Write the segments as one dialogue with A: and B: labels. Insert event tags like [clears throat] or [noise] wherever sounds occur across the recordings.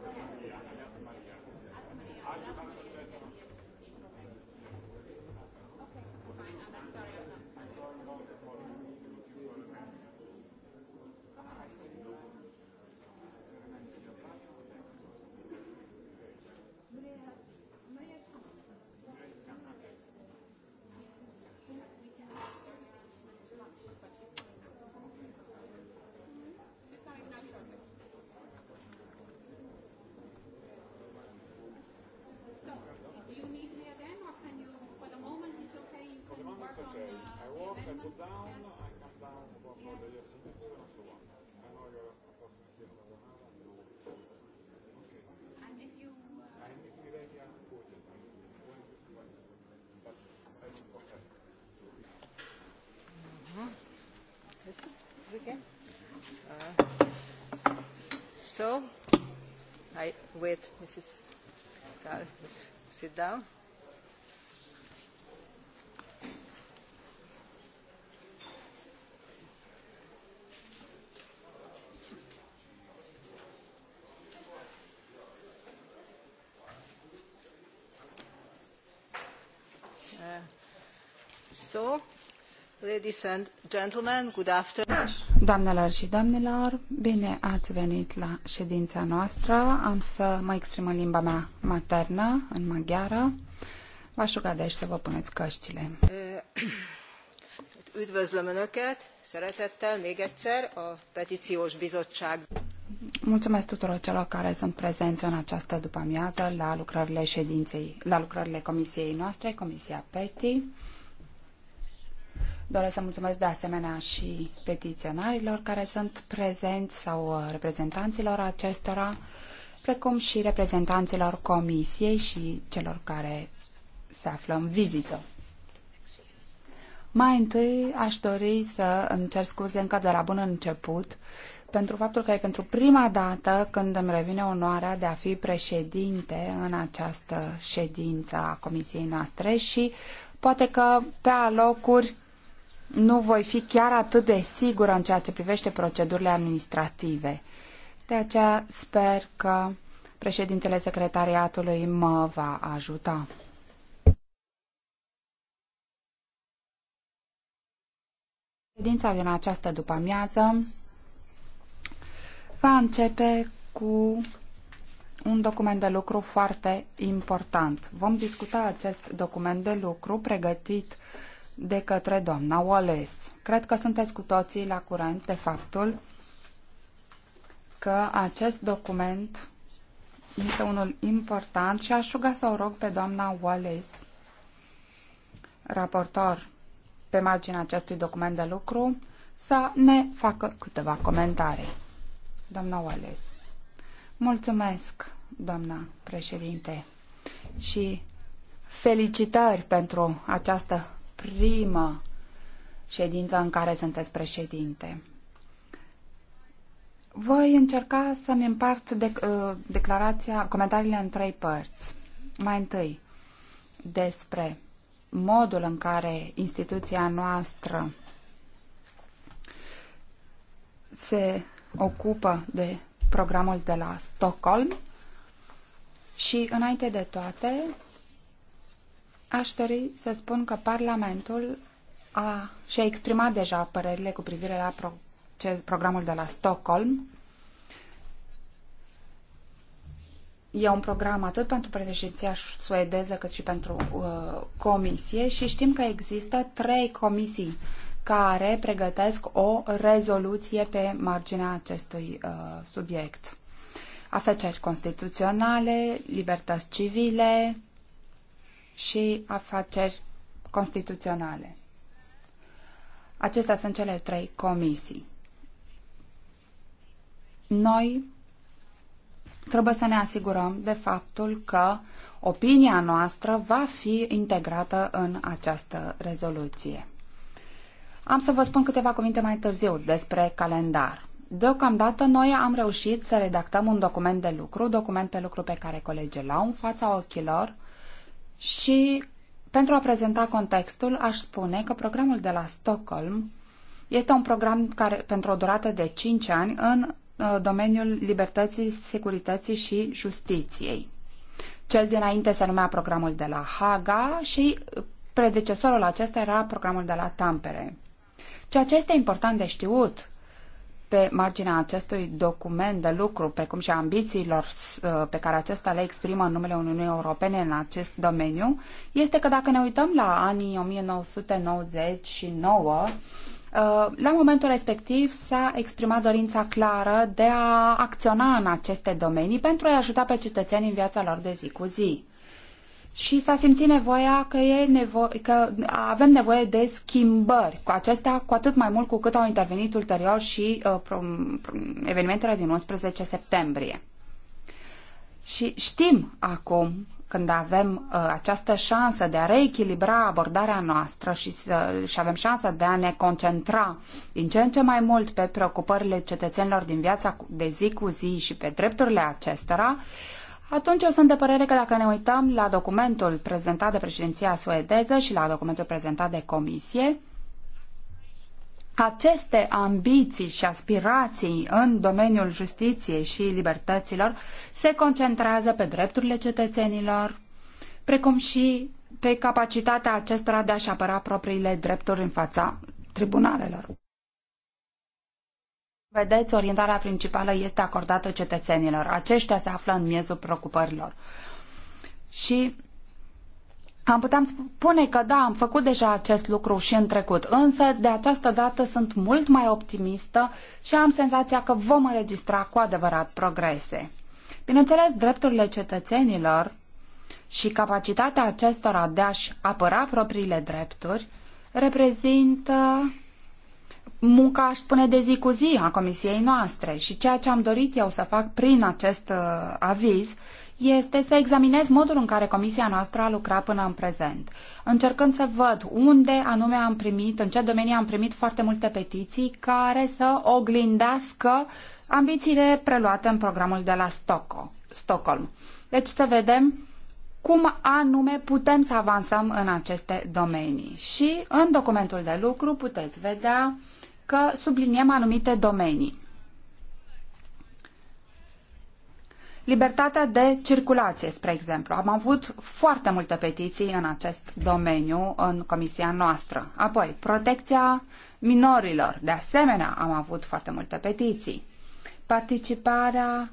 A: noastră. down I come down about all the and so on. I know you're a here in Guatemala and you know what it's Okay. And if you... Uh... And if you then you have quoted, I when you want to but I don't go
B: ahead. uh again. Uh, so, I wait, Mrs. Scar, sit down.
C: Doamnelor și domnilor, bine ați venit la ședința noastră. Am să mă exprim în limba mea maternă, în maghiară. V-aș ruga deci să vă puneți căștile.
B: Eh, [clears throat] üdvözlöm Önöket, szeretettel még egyszer a Petíciós Bizottság.
C: Mulțumesc tuturor celor care sunt prezenți în această după-amiază la lucrările ședinței, la lucrările comisiei noastre, Comisia PETI. Doresc să mulțumesc de asemenea și petiționarilor care sunt prezenți sau uh, reprezentanților acestora, precum și reprezentanților comisiei și celor care se află în vizită. Mai întâi aș dori să îmi cer scuze încă de la bun început pentru faptul că e pentru prima dată când îmi revine onoarea de a fi președinte în această ședință a comisiei noastre și poate că pe alocuri nu voi fi chiar atât de sigură în ceea ce privește procedurile administrative. De aceea sper că președintele secretariatului mă va ajuta. Ședința din această după-amiază va începe cu un document de lucru foarte important. Vom discuta acest document de lucru pregătit de către doamna Wallace. Cred că sunteți cu toții la curent de faptul că acest document este unul important și aș ruga să o rog pe doamna Wallace, raportor pe marginea acestui document de lucru, să ne facă câteva comentarii. Doamna Wallace. Mulțumesc, doamna președinte, și felicitări pentru această prima ședință în care sunteți președinte. Voi încerca să-mi împart de, uh, declarația, comentariile în trei părți. Mai întâi, despre modul în care instituția noastră se ocupă de programul de la Stockholm și, înainte de toate, Aș dori să spun că Parlamentul a, și-a exprimat deja părerile cu privire la pro, ce, programul de la Stockholm. E un program atât pentru președinția suedeză cât și pentru uh, comisie și știm că există trei comisii care pregătesc o rezoluție pe marginea acestui uh, subiect. Afeceri constituționale, libertăți civile, și afaceri constituționale. Acestea sunt cele trei comisii. Noi trebuie să ne asigurăm de faptul că opinia noastră va fi integrată în această rezoluție. Am să vă spun câteva cuvinte mai târziu despre calendar. Deocamdată noi am reușit să redactăm un document de lucru, document pe lucru pe care colegii l-au în fața ochilor și pentru a prezenta contextul, aș spune că programul de la Stockholm este un program care, pentru o durată de 5 ani în uh, domeniul libertății, securității și justiției. Cel dinainte se numea programul de la Haga și predecesorul acesta era programul de la Tampere. Ceea ce este important de știut pe marginea acestui document de lucru, precum și ambițiilor uh, pe care acesta le exprimă în numele Uniunii Europene în acest domeniu, este că dacă ne uităm la anii 1999, uh, la momentul respectiv s-a exprimat dorința clară de a acționa în aceste domenii pentru a-i ajuta pe cetățeni în viața lor de zi cu zi și s-a simțit nevoia că, e nevo- că avem nevoie de schimbări. Cu acestea, cu atât mai mult cu cât au intervenit ulterior și uh, evenimentele din 11 septembrie. Și știm acum, când avem uh, această șansă de a reechilibra abordarea noastră și, să, și avem șansa de a ne concentra din ce în ce mai mult pe preocupările cetățenilor din viața de zi cu zi și pe drepturile acestora, uh, atunci eu sunt de părere că dacă ne uităm la documentul prezentat de președinția suedeză și la documentul prezentat de comisie, aceste ambiții și aspirații în domeniul justiției și libertăților se concentrează pe drepturile cetățenilor, precum și pe capacitatea acestora de a-și apăra propriile drepturi în fața tribunalelor. Vedeți, orientarea principală este acordată cetățenilor. Aceștia se află în miezul preocupărilor. Și am putea spune că da, am făcut deja acest lucru și în trecut, însă de această dată sunt mult mai optimistă și am senzația că vom înregistra cu adevărat progrese. Bineînțeles, drepturile cetățenilor și capacitatea acestora de a-și apăra propriile drepturi reprezintă munca, aș spune, de zi cu zi a comisiei noastre și ceea ce am dorit eu să fac prin acest uh, aviz este să examinez modul în care comisia noastră a lucrat până în prezent, încercând să văd unde anume am primit, în ce domenii am primit foarte multe petiții care să oglindească ambițiile preluate în programul de la Stockholm. Deci să vedem cum anume putem să avansăm în aceste domenii. Și în documentul de lucru puteți vedea uh, că subliniem anumite domenii. Libertatea de circulație, spre exemplu. Am avut foarte multe petiții în acest domeniu în comisia noastră. Apoi, protecția minorilor. De asemenea, am avut foarte multe petiții. Participarea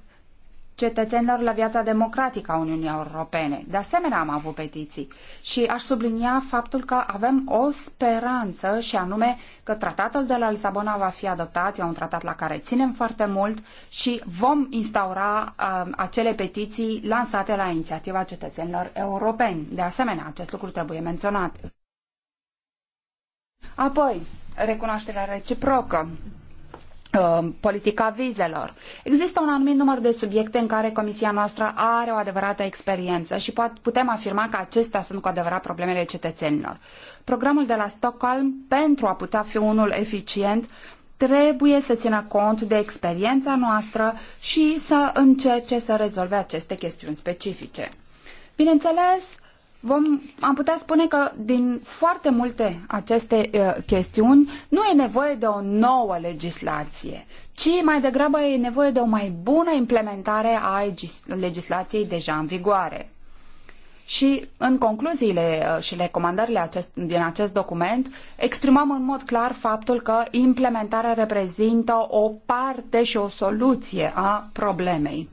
C: cetățenilor la viața democratică a Uniunii Europene. De asemenea, am avut petiții și aș sublinia faptul că avem o speranță și anume că tratatul de la Lisabona va fi adoptat, e un tratat la care ținem foarte mult și vom instaura uh, acele petiții lansate la inițiativa cetățenilor europeni. De asemenea, acest lucru trebuie menționat. Apoi, recunoașterea reciprocă. Um, politica vizelor. Există un anumit număr de subiecte în care comisia noastră are o adevărată experiență și putem afirma că acestea sunt cu adevărat problemele cetățenilor. Programul de la Stockholm, pentru a putea fi unul eficient, trebuie să țină cont de experiența noastră și să încerce să rezolve aceste chestiuni specifice. Bineînțeles, vom, am putea spune că din foarte multe aceste uh, chestiuni nu e nevoie de o nouă legislație, ci mai degrabă e nevoie de o mai bună implementare a legislației deja în vigoare. Și în concluziile uh, și recomandările acest, din acest document exprimăm în mod clar faptul că implementarea reprezintă o parte și o soluție a problemei.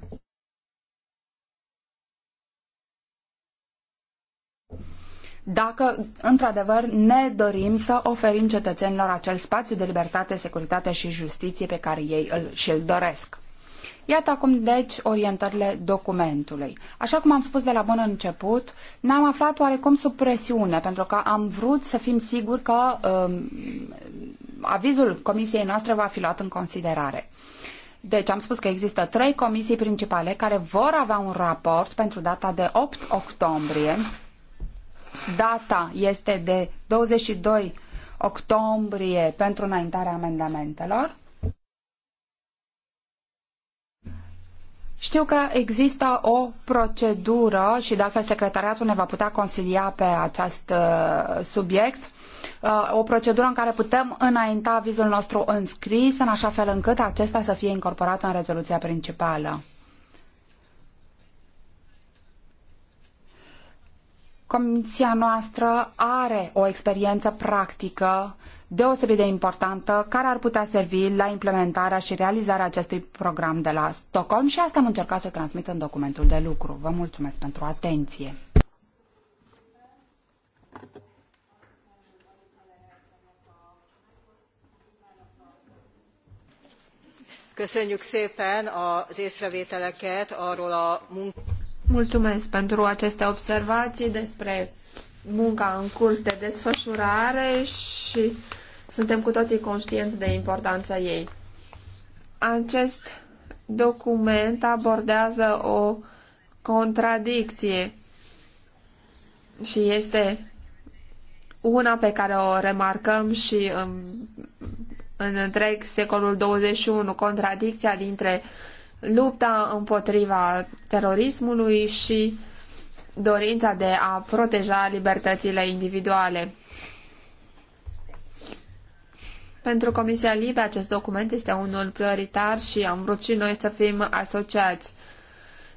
C: dacă într-adevăr ne dorim să oferim cetățenilor acel spațiu de libertate, securitate și justiție pe care ei îl, și-l doresc. Iată acum, deci, orientările documentului. Așa cum am spus de la bun început, ne-am aflat oarecum sub presiune, pentru că am vrut să fim siguri că um, avizul comisiei noastre va fi luat în considerare. Deci am spus că există trei comisii principale care vor avea un raport pentru data de 8 octombrie data este de 22 octombrie pentru înaintarea amendamentelor. Știu că există o procedură și de altfel secretariatul ne va putea consilia pe acest uh, subiect, uh, o procedură în care putem înainta vizul nostru înscris în așa fel încât acesta să fie incorporat în rezoluția principală. Comisia noastră are o experiență practică deosebit de importantă care ar putea servi la implementarea și realizarea acestui program de la Stockholm și asta am încercat să transmit în documentul de lucru. Vă mulțumesc pentru atenție.
B: Köszönjük szépen az észrevételeket arról a munkáról.
D: Mulțumesc pentru aceste observații despre munca în curs de desfășurare și suntem cu toții conștienți de importanța ei. Acest document abordează o contradicție și este una pe care o remarcăm și în, în întreg secolul 21, contradicția dintre uh, lupta împotriva terorismului și dorința de a proteja libertățile individuale. Pentru Comisia Libe acest document este unul prioritar și am vrut și noi să fim asociați.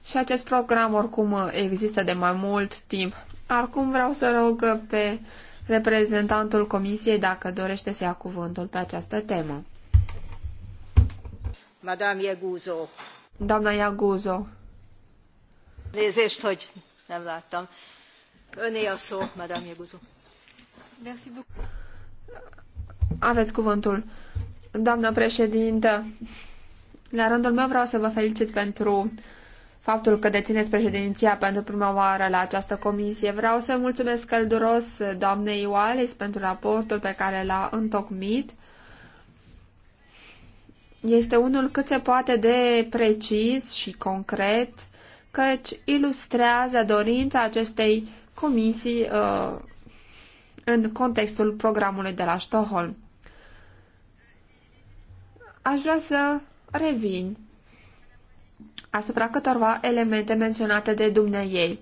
D: Și acest program oricum există de mai mult timp. Acum vreau să rog pe reprezentantul Comisiei dacă dorește să ia cuvântul pe această temă.
B: Madame Iaguzo.
D: Doamna Iaguzo.
B: Nézést, hogy nem láttam. Öné a szó, Madame Iaguzo. Merci beaucoup.
D: Aveți cuvântul. Doamna președintă, la rândul meu vreau să vă felicit pentru faptul că dețineți președinția pentru prima oară la această comisie. Vreau să mulțumesc călduros doamnei Oales pentru raportul pe care l-a întocmit este unul cât se poate de precis și concret, căci ilustrează dorința acestei comisii uh, în contextul programului de la Stockholm. Aș vrea să revin asupra câtorva elemente menționate de dumneiei.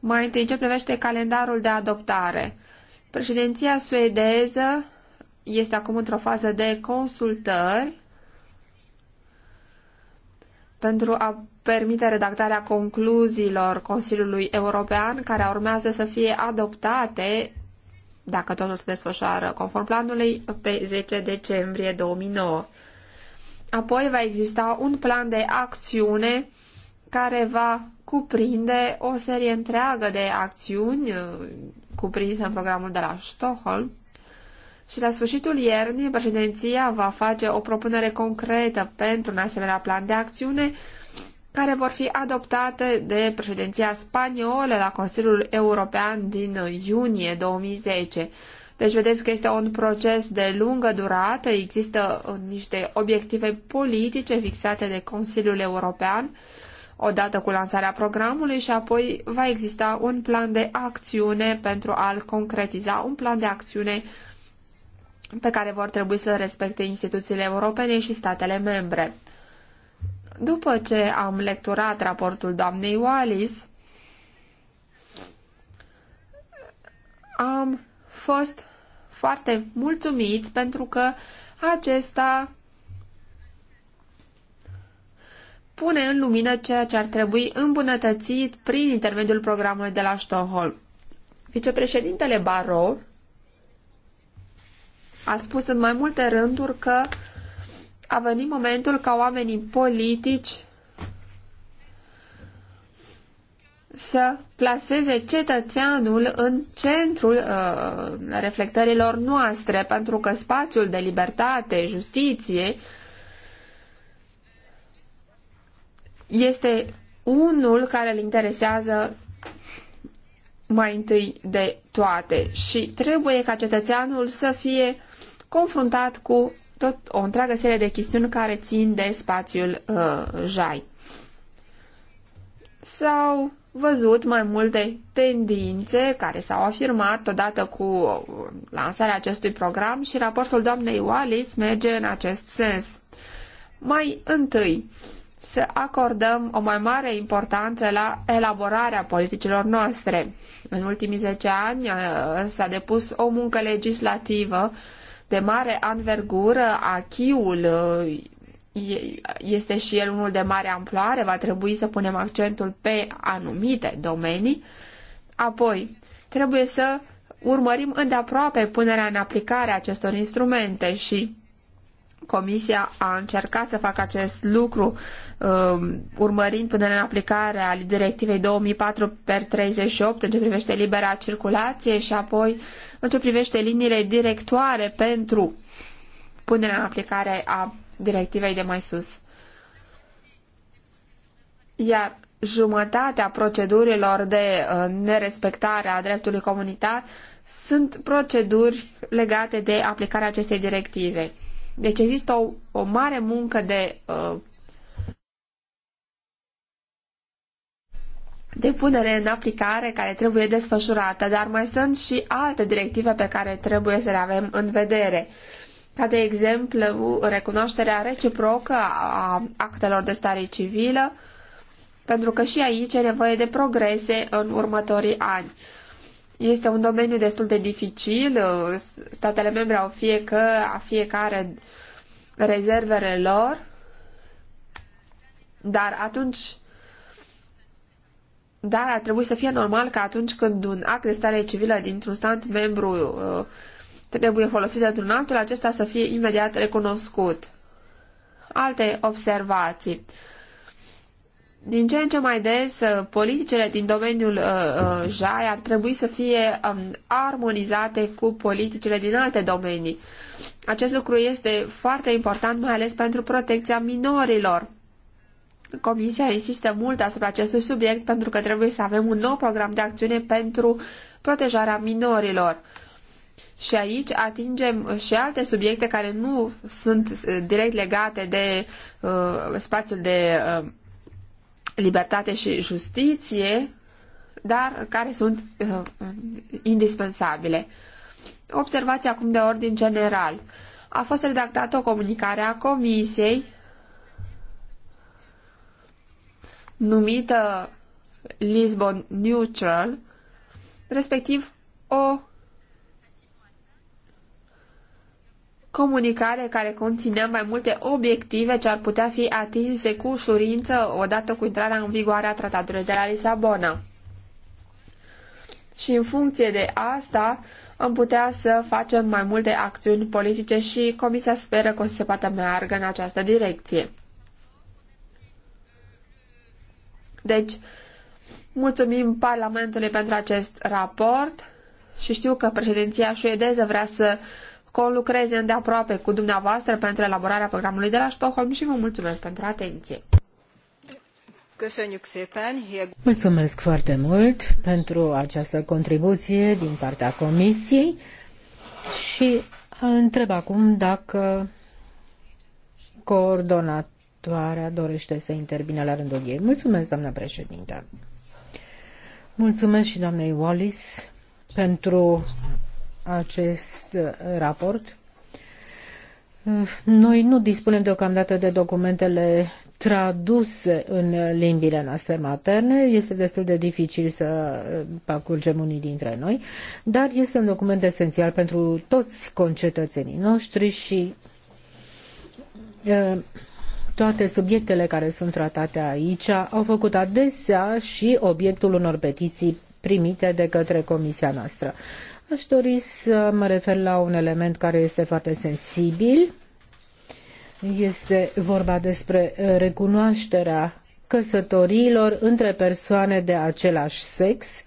D: Mai întâi ce privește calendarul de adoptare. Președinția suedeză este acum într-o fază de consultări pentru a permite redactarea concluziilor Consiliului European, care urmează să fie adoptate, dacă totul se desfășoară conform planului, pe 10 decembrie 2009. Apoi va exista un plan de acțiune care va cuprinde o serie întreagă de acțiuni uh, cuprinse în programul de la Stockholm și la sfârșitul iernii, președinția va face o propunere concretă pentru un asemenea plan de acțiune care vor fi adoptate de președinția spaniolă la Consiliul European din iunie 2010. Deci vedeți că este un proces de lungă durată, există niște obiective politice fixate de Consiliul European odată cu lansarea programului și apoi va exista un plan de acțiune pentru a-l concretiza, un plan de acțiune uh, pe care vor trebui să respecte instituțiile europene și statele membre. După ce am lecturat raportul doamnei Wallis, am fost foarte mulțumiți pentru că acesta pune în lumină ceea ce ar trebui îmbunătățit prin intermediul programului de la Stockholm. Vicepreședintele Barrow a spus în mai multe rânduri că a venit momentul ca oamenii politici să placeze cetățeanul în centrul uh, reflectărilor noastre, pentru că spațiul de libertate, justiție, este unul care îl interesează mai întâi de toate și trebuie ca cetățeanul să fie confruntat cu tot o întreagă serie de chestiuni care țin de spațiul uh, JAI. S-au văzut mai multe tendințe care s-au afirmat odată cu lansarea acestui program și raportul doamnei Wallis merge în acest sens. Mai întâi, să acordăm o mai mare importanță la elaborarea politicilor noastre. În ultimii 10 ani uh, s-a depus o muncă legislativă de mare anvergură, achiul uh, este și el unul de mare amploare, va trebui să punem accentul pe anumite domenii. Apoi, trebuie să urmărim îndeaproape punerea în aplicare a acestor instrumente și Comisia a încercat să facă acest lucru um, urmărind până în aplicare a directivei 2004 per 38 în ce privește libera circulație și apoi în ce privește liniile directoare pentru punerea în aplicare a directivei de mai sus. Iar jumătatea procedurilor de uh, nerespectare a dreptului comunitar sunt proceduri legate de aplicarea acestei directive. Deci există o, o mare muncă de uh, de punere în aplicare care trebuie desfășurată, dar mai sunt și alte directive pe care trebuie să le avem în vedere, ca de exemplu recunoașterea reciprocă a actelor de stare civilă, pentru că și aici e nevoie de progrese în următorii ani. Este un domeniu destul de dificil. Statele membre au fie că, fiecare rezervele lor, dar atunci dar ar trebui să fie normal că atunci când un act de stare civilă dintr-un stat membru uh, trebuie folosit într-un altul, acesta să fie imediat recunoscut. Alte observații din ce în ce mai des, uh, politicile din domeniul uh, uh, JAI ar trebui să fie um, armonizate cu politicile din alte domenii. Acest lucru este foarte important, mai ales pentru protecția minorilor. Comisia insistă mult asupra acestui subiect pentru că trebuie să avem un nou program de acțiune pentru protejarea minorilor. Și aici atingem și alte subiecte care nu sunt uh, direct legate de uh, spațiul de uh, libertate și justiție, dar care sunt uh, uh indispensabile. Observați acum de ordin general. A fost redactată o comunicare a Comisiei numită Lisbon Neutral, respectiv o comunicare care conținea mai multe obiective ce ar putea fi atinse cu ușurință odată cu intrarea în vigoare a tratatului de la Lisabona. Și în funcție de asta am putea să facem mai multe acțiuni politice și Comisia speră că o să se poată meargă în această direcție. Deci, mulțumim Parlamentului pentru acest raport și știu că președinția suedeză vrea să uh, conlucrez îndeaproape cu dumneavoastră pentru elaborarea programului de la Stockholm și vă mulțumesc pentru atenție.
E: Mulțumesc foarte mult pentru această contribuție din partea Comisiei și întreb acum dacă coordonatoarea dorește să intervine la rândul ei. Mulțumesc, doamna președintă. Mulțumesc și doamnei Wallis pentru acest uh, raport. Uh, noi nu dispunem deocamdată de documentele traduse în limbile noastre materne, este destul de dificil să uh, parcurgem unii dintre noi, dar este un document esențial pentru toți concetățenii noștri și toate subiectele care sunt tratate aici au făcut adesea și obiectul unor petiții primite de către comisia noastră. Aș dori să mă refer la un element care este foarte sensibil. Este vorba despre uh, recunoașterea căsătoriilor între persoane de același sex.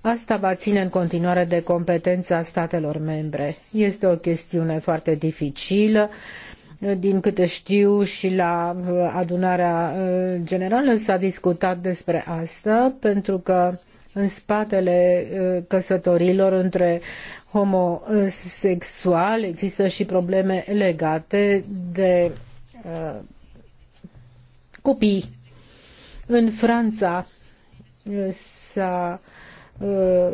E: Asta va ține în continuare de competența statelor membre. Este o chestiune foarte dificilă. Din câte știu și la uh, adunarea uh, generală s-a discutat despre asta, pentru că în spatele uh, căsătorilor între homosexuali, există și probleme legate de uh, copii. În Franța uh, s-a uh,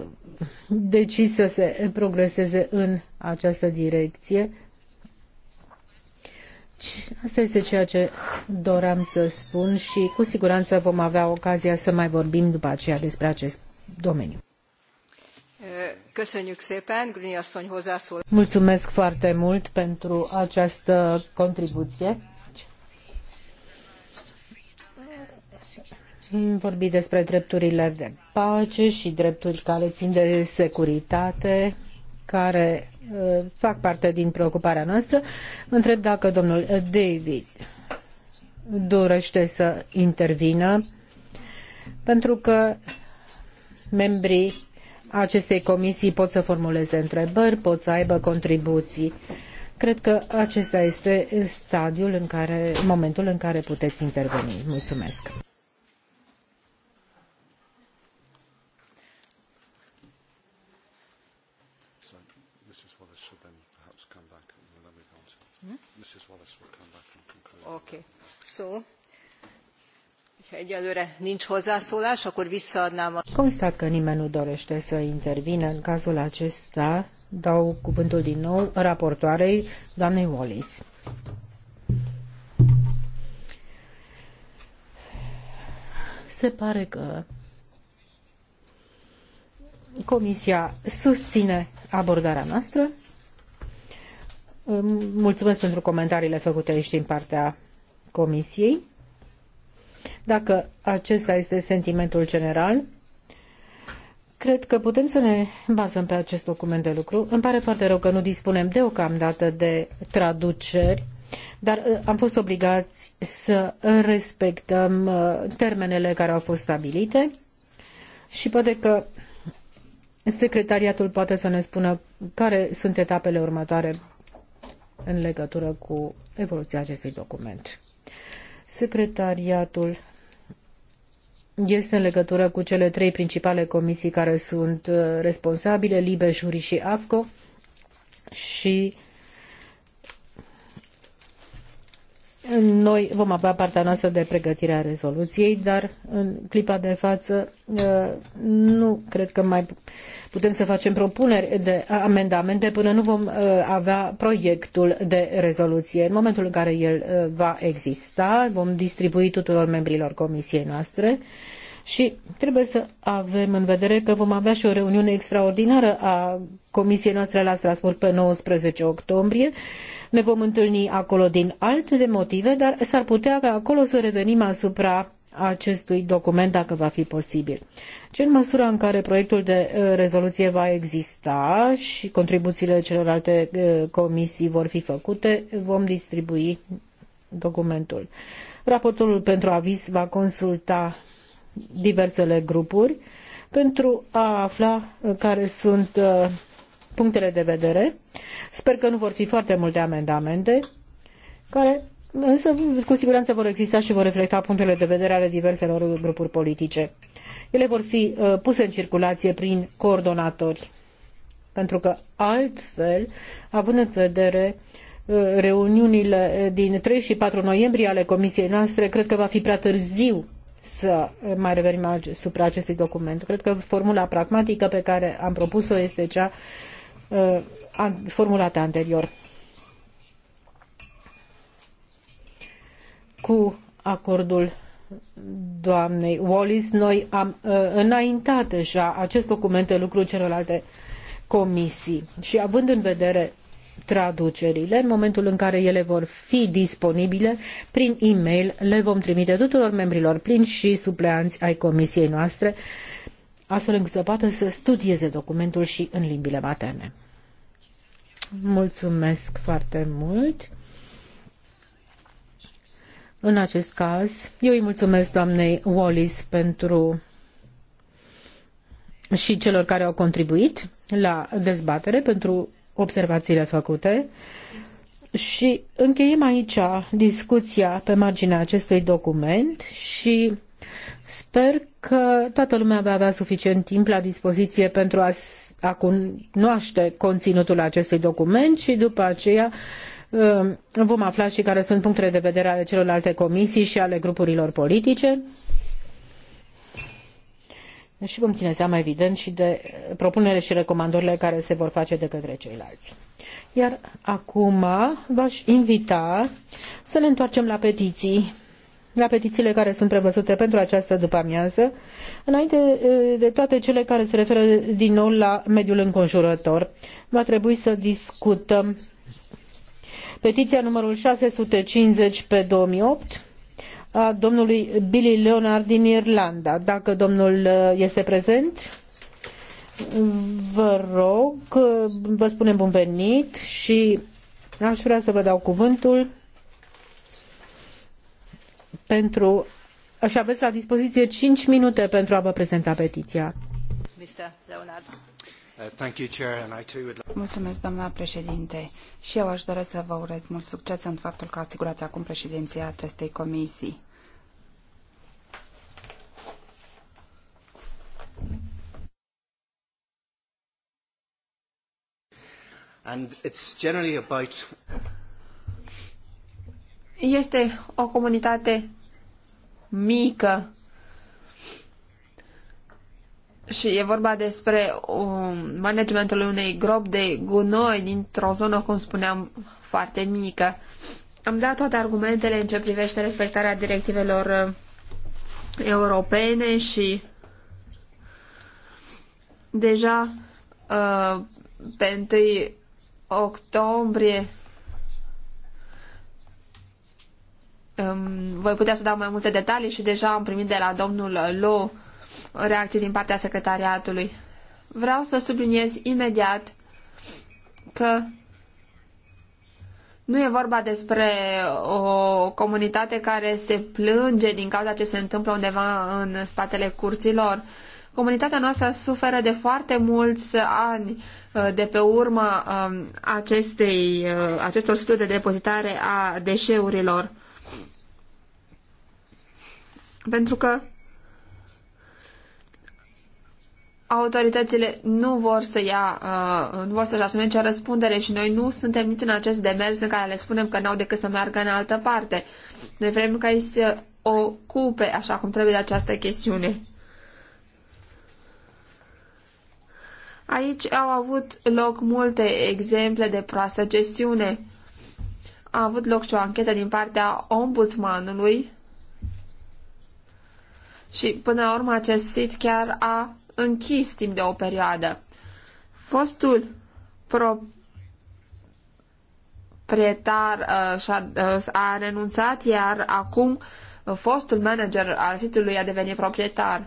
E: decis să se progreseze în această direcție. Asta este ceea ce doream să spun și cu siguranță vom avea ocazia să mai vorbim după aceea despre acest domeniu.
B: Mulțumesc
E: foarte mult pentru această contribuție. vorbit despre drepturile de pace și drepturi care țin de securitate, care uh, fac parte din preocuparea noastră. Întreb dacă domnul David dorește să intervină, pentru că membrii acestei comisii pot să formuleze întrebări, pot să aibă contribuții. Cred că acesta este stadiul în care, momentul în care puteți interveni. Mulțumesc! Hmm?
B: Okay. So, Egyelőre nincs hozzászólás, akkor visszaadnám a... Constat
E: că nimeni nu dorește să intervină în cazul acesta. Dau cuvântul din nou raportoarei doamnei Wallis. Se pare că Comisia susține abordarea noastră. Mulțumesc pentru comentariile făcute aici din partea Comisiei. Dacă acesta este sentimentul general, Cred că putem să ne bazăm pe acest document de lucru. Îmi pare foarte rău că nu dispunem deocamdată de traduceri, dar uh, am fost obligați să respectăm uh, termenele care au fost stabilite și poate că secretariatul poate să ne spună care sunt etapele următoare în legătură cu evoluția acestui document. Secretariatul este în legătură cu cele trei principale comisii care sunt uh, responsabile, LIBE, Juri și AFCO și uh, Noi vom avea partea noastră de pregătire a rezoluției, dar în clipa de față uh, nu cred că mai putem să facem propuneri de amendamente până nu vom uh, avea proiectul de rezoluție. În momentul în care el uh, va exista, vom distribui tuturor membrilor comisiei noastre și trebuie să avem în vedere că vom avea și o reuniune extraordinară a Comisiei noastre la Strasburg pe 19 octombrie. Ne vom întâlni acolo din alte motive, dar s-ar putea ca acolo să revenim asupra acestui document dacă va fi posibil. Ce în măsura în care proiectul de uh, rezoluție va exista și contribuțiile celorlalte uh, comisii vor fi făcute, vom distribui documentul. Raportul pentru aviz va consulta diversele grupuri pentru a afla uh, care sunt uh, punctele de vedere. Sper că nu vor fi foarte multe amendamente, care însă cu siguranță vor exista și vor reflecta punctele de vedere ale diverselor grupuri politice. Ele vor fi uh, puse în circulație prin coordonatori, pentru că altfel, având în vedere reuniunile din 3 și 4 noiembrie ale comisiei noastre, cred că va fi prea târziu să mai revenim asupra acestui document. Cred că formula pragmatică pe care am propus-o este cea uh, formulată anterior. Cu acordul doamnei Wallis, noi am uh, înaintat deja acest document de lucru celorlalte comisii și având în vedere traducerile. În momentul în care ele vor fi disponibile, prin e-mail le vom trimite tuturor membrilor plini și supleanți ai comisiei noastre, astfel încât să poată să studieze documentul și în limbile materne. Mulțumesc foarte mult! În acest caz, eu îi mulțumesc doamnei Wallis pentru și celor care au contribuit la dezbatere pentru observațiile făcute și încheiem aici discuția pe marginea acestui document și Sper că toată lumea va avea suficient timp la dispoziție pentru a, a cunoaște conținutul acestui document și după aceea um, vom afla și care sunt punctele de vedere ale celorlalte comisii și ale grupurilor politice și vom ține seama, evident, și de eh, propunerile și recomandările care se vor face de către ceilalți. Iar acum v-aș invita să ne întoarcem la petiții, la petițiile care sunt prevăzute pentru această după-amiază, înainte eh, de toate cele care se referă din nou la mediul înconjurător. Va trebui să discutăm petiția numărul 650 pe 2008, domnului Billy Leonard din Irlanda. Dacă domnul uh, este prezent, vă rog, vă spunem bun venit și aș vrea să vă dau cuvântul pentru și aveți la dispoziție 5 minute pentru a vă prezenta petiția.
B: Mr. Leonard.
A: Uh,
C: Mulțumesc, doamna președinte. Și eu aș dori să vă urez mult succes în faptul că asigurați acum președinția acestei comisii.
A: And it's generally about...
D: Este o comunitate mică și e vorba despre um, managementul unei gropi de gunoi dintr-o zonă, cum spuneam, foarte mică. Am dat toate argumentele în ce privește respectarea directivelor uh, europene și deja uh, pe 1 octombrie um, voi putea să dau mai multe detalii și deja am primit de la domnul Lo reacție din partea secretariatului. Vreau să subliniez imediat că nu e vorba despre o comunitate care se plânge din cauza ce se întâmplă undeva în spatele curților. Comunitatea noastră suferă de foarte mulți ani uh, de pe urma um, acestei, uh, acestor studii de depozitare a deșeurilor. Pentru că autoritățile nu vor să ia, uh, nu vor să-și asume nicio răspundere și noi nu suntem nici în acest demers în care le spunem că n-au decât să meargă în altă parte. Noi vrem ca ei să ocupe așa cum trebuie de această chestiune. Aici au avut loc multe exemple de proastă gestiune. A avut loc și o anchetă din partea ombudsmanului și până la urmă acest sit chiar a închis timp de o perioadă. Fostul proprietar uh, uh, a renunțat, iar acum uh, fostul manager al sitului a devenit proprietar.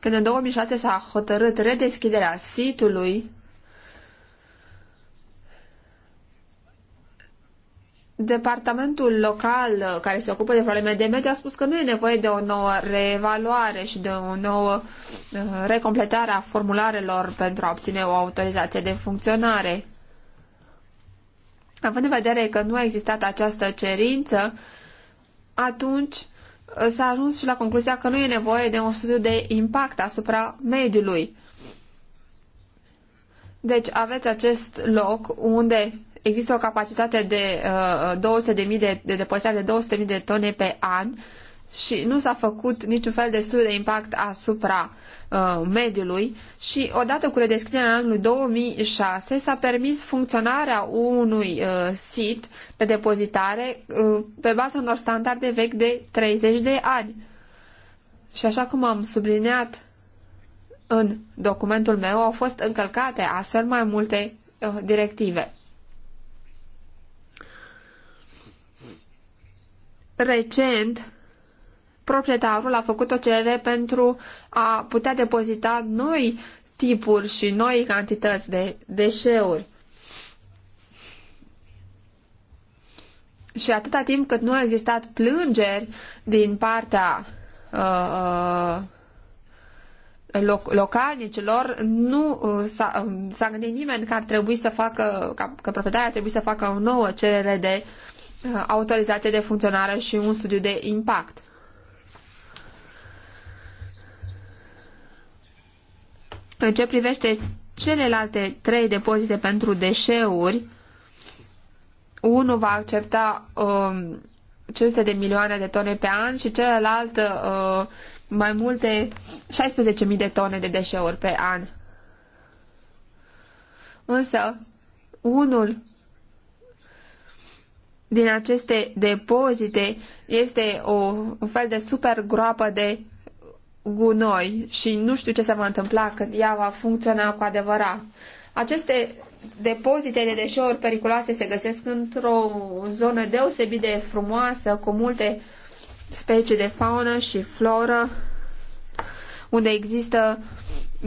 D: Când în 2006 s-a hotărât redeschiderea sitului, Departamentul local uh, care se ocupă de probleme de mediu a spus că nu e nevoie de o nouă reevaluare și de o nouă uh, recompletare a formularelor pentru a obține o autorizație de funcționare. Având în vedere că nu a existat această cerință, atunci uh, s-a ajuns și la concluzia că nu e nevoie de un studiu de impact asupra mediului. Deci aveți acest loc unde există o capacitate de uh, 200.000 de, de depozitare de 200.000 de tone pe an și nu s-a făcut niciun fel de studiu de impact asupra uh, mediului și odată cu redeschiderea anului 2006 s-a permis funcționarea unui uh, sit de depozitare uh, pe baza unor standarde vechi de 30 de ani. Și așa cum am subliniat în documentul meu, au fost încălcate astfel mai multe uh, directive. recent, proprietarul a făcut o cerere pentru a putea depozita noi tipuri și noi cantități de deșeuri. Și atâta timp cât nu au existat plângeri din partea uh, uh loc, localnicilor, nu uh, um, s-a, gândit nimeni că ar trebui să facă, că, că proprietarii ar trebui să facă o nouă cerere de uh, Uh, autorizație de funcționare și un studiu de impact. În ce privește celelalte trei depozite pentru deșeuri, unul va accepta um, 500 de milioane de tone pe an și celălalt uh, mai multe 16.000 de tone de deșeuri pe an. Însă, unul din aceste depozite este o, un fel de super groapă de gunoi și nu știu ce se va întâmpla când ea va funcționa cu adevărat. Aceste depozite de deșeuri periculoase se găsesc într-o zonă deosebit de frumoasă, cu multe specii de faună și floră, unde există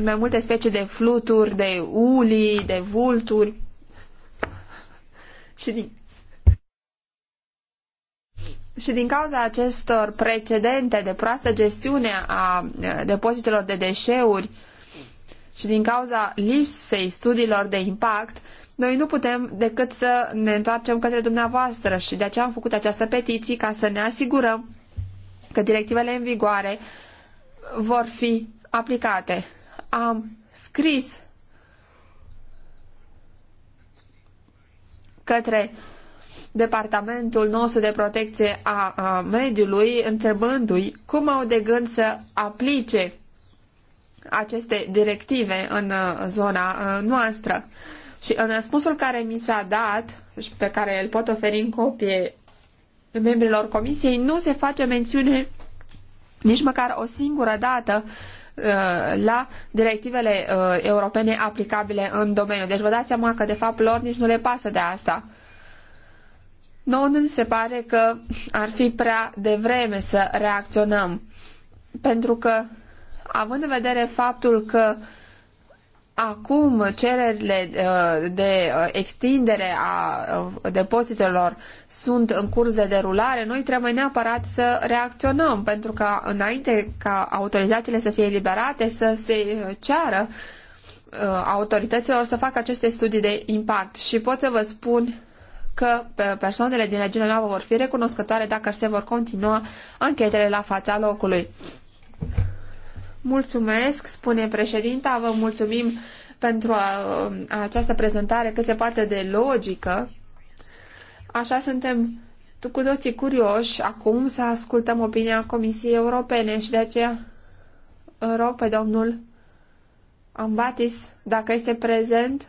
D: mai multe specii de fluturi, de uli, de vulturi. Și din și din cauza acestor precedente de proastă gestiune a depozitelor de deșeuri și din cauza lipsei studiilor de impact, noi nu putem decât să ne întoarcem către dumneavoastră și de aceea am făcut această petiție ca să ne asigurăm că directivele în vigoare vor fi aplicate. Am scris către departamentul nostru de protecție a, a mediului, întrebându-i cum au de gând să aplice aceste directive în uh, zona uh, noastră. Și în răspunsul care mi s-a dat și pe care îl pot oferi în copie membrilor comisiei, nu se face mențiune nici măcar o singură dată uh, la directivele europene aplicabile în domeniu. Deci vă dați seama că de fapt lor nici nu le pasă de asta. Nouă nu se pare că ar fi prea devreme să reacționăm, pentru că, având în vedere faptul că acum cererile uh, de uh, extindere a uh, depozitelor sunt în curs de derulare, noi trebuie neapărat să reacționăm, pentru că înainte ca autorizațiile să fie eliberate, să se ceară autorităților să facă aceste studii de impact. Și pot să vă spun că persoanele din regiunea mea vor fi recunoscătoare dacă se vor continua anchetele la fața locului. Mulțumesc, spune președinta, vă mulțumim pentru a, a această prezentare cât se poate de logică. Așa suntem cu toții curioși acum să ascultăm opinia Comisiei Europene și de aceea rog pe domnul Ambatis dacă este prezent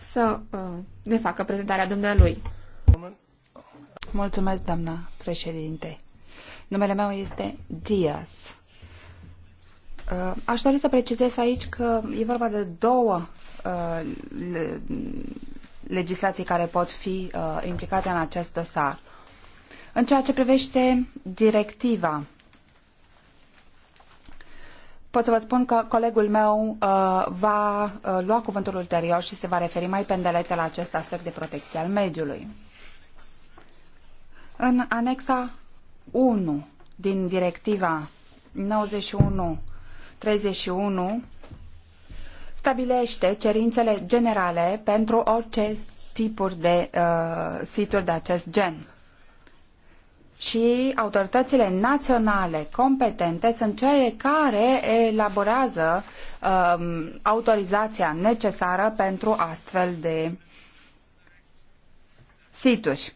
D: să uh, ne facă prezentarea dumnealui.
C: Mulțumesc, doamna președinte. Numele meu este Diaz. Uh, aș dori să precizez aici că e vorba de două uh, legislații care pot fi implicate în această dosar. În ceea ce privește directiva pot să vă spun că colegul meu uh, va uh, lua cuvântul ulterior și se va referi mai pendelete la acest aspect de protecție al mediului. În anexa 1 din directiva 91-31 stabilește cerințele generale pentru orice tipuri de uh, situri de acest gen și autoritățile naționale competente sunt cele care elaborează um, autorizația necesară pentru astfel de situri.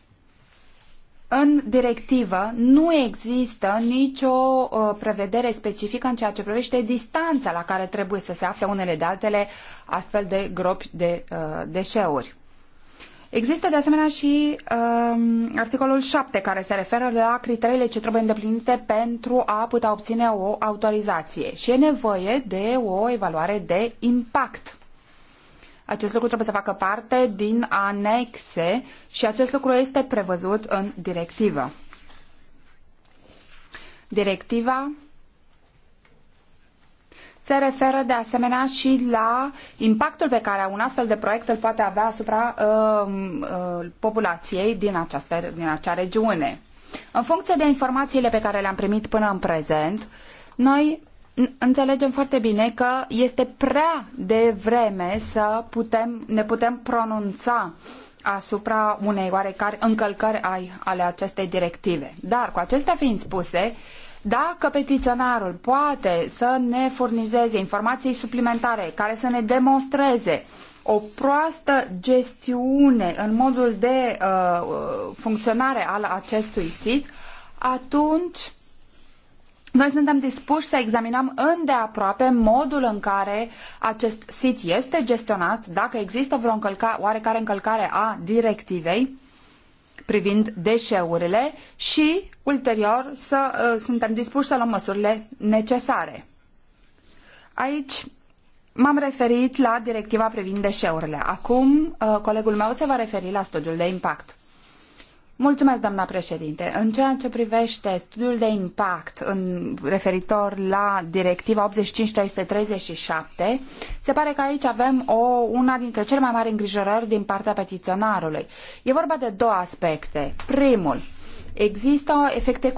C: În directivă nu există nicio uh, prevedere specifică în ceea ce privește distanța la care trebuie să se afle unele de altele astfel de gropi de uh, deșeuri. Există de asemenea și um, articolul 7 care se referă la criteriile ce trebuie îndeplinite pentru a putea obține o autorizație și e nevoie de o evaluare de impact. Acest lucru trebuie să facă parte din anexe și acest lucru este prevăzut în directivă. Directiva se referă de asemenea și la impactul pe care un astfel de proiect îl poate avea asupra uh, uh, populației din, această, din acea regiune. În funcție de informațiile pe care le-am primit până în prezent, noi înțelegem foarte bine că este prea devreme să putem, ne putem pronunța asupra unei oarecare încălcări ai, ale acestei directive. Dar, cu acestea fiind spuse, uh, dacă petiționarul poate să ne furnizeze informații suplimentare care să ne demonstreze o proastă gestiune în modul de uh, uh, funcționare al acestui sit, atunci noi suntem dispuși să examinăm îndeaproape modul în care acest sit este gestionat, dacă există vreo încălca, oarecare încălcare a directivei privind deșeurile și, ulterior, să uh, suntem dispuși să luăm măsurile necesare. Aici m-am referit la directiva privind deșeurile. Acum, uh, colegul meu se va referi la studiul de impact. Mulțumesc, președinte. În ceea ce privește studiul de impact în referitor la directiva 85337, se pare că aici avem o, una dintre cele mai mari îngrijorări din partea petiționarului. E vorba de două aspecte. Primul, Există efecte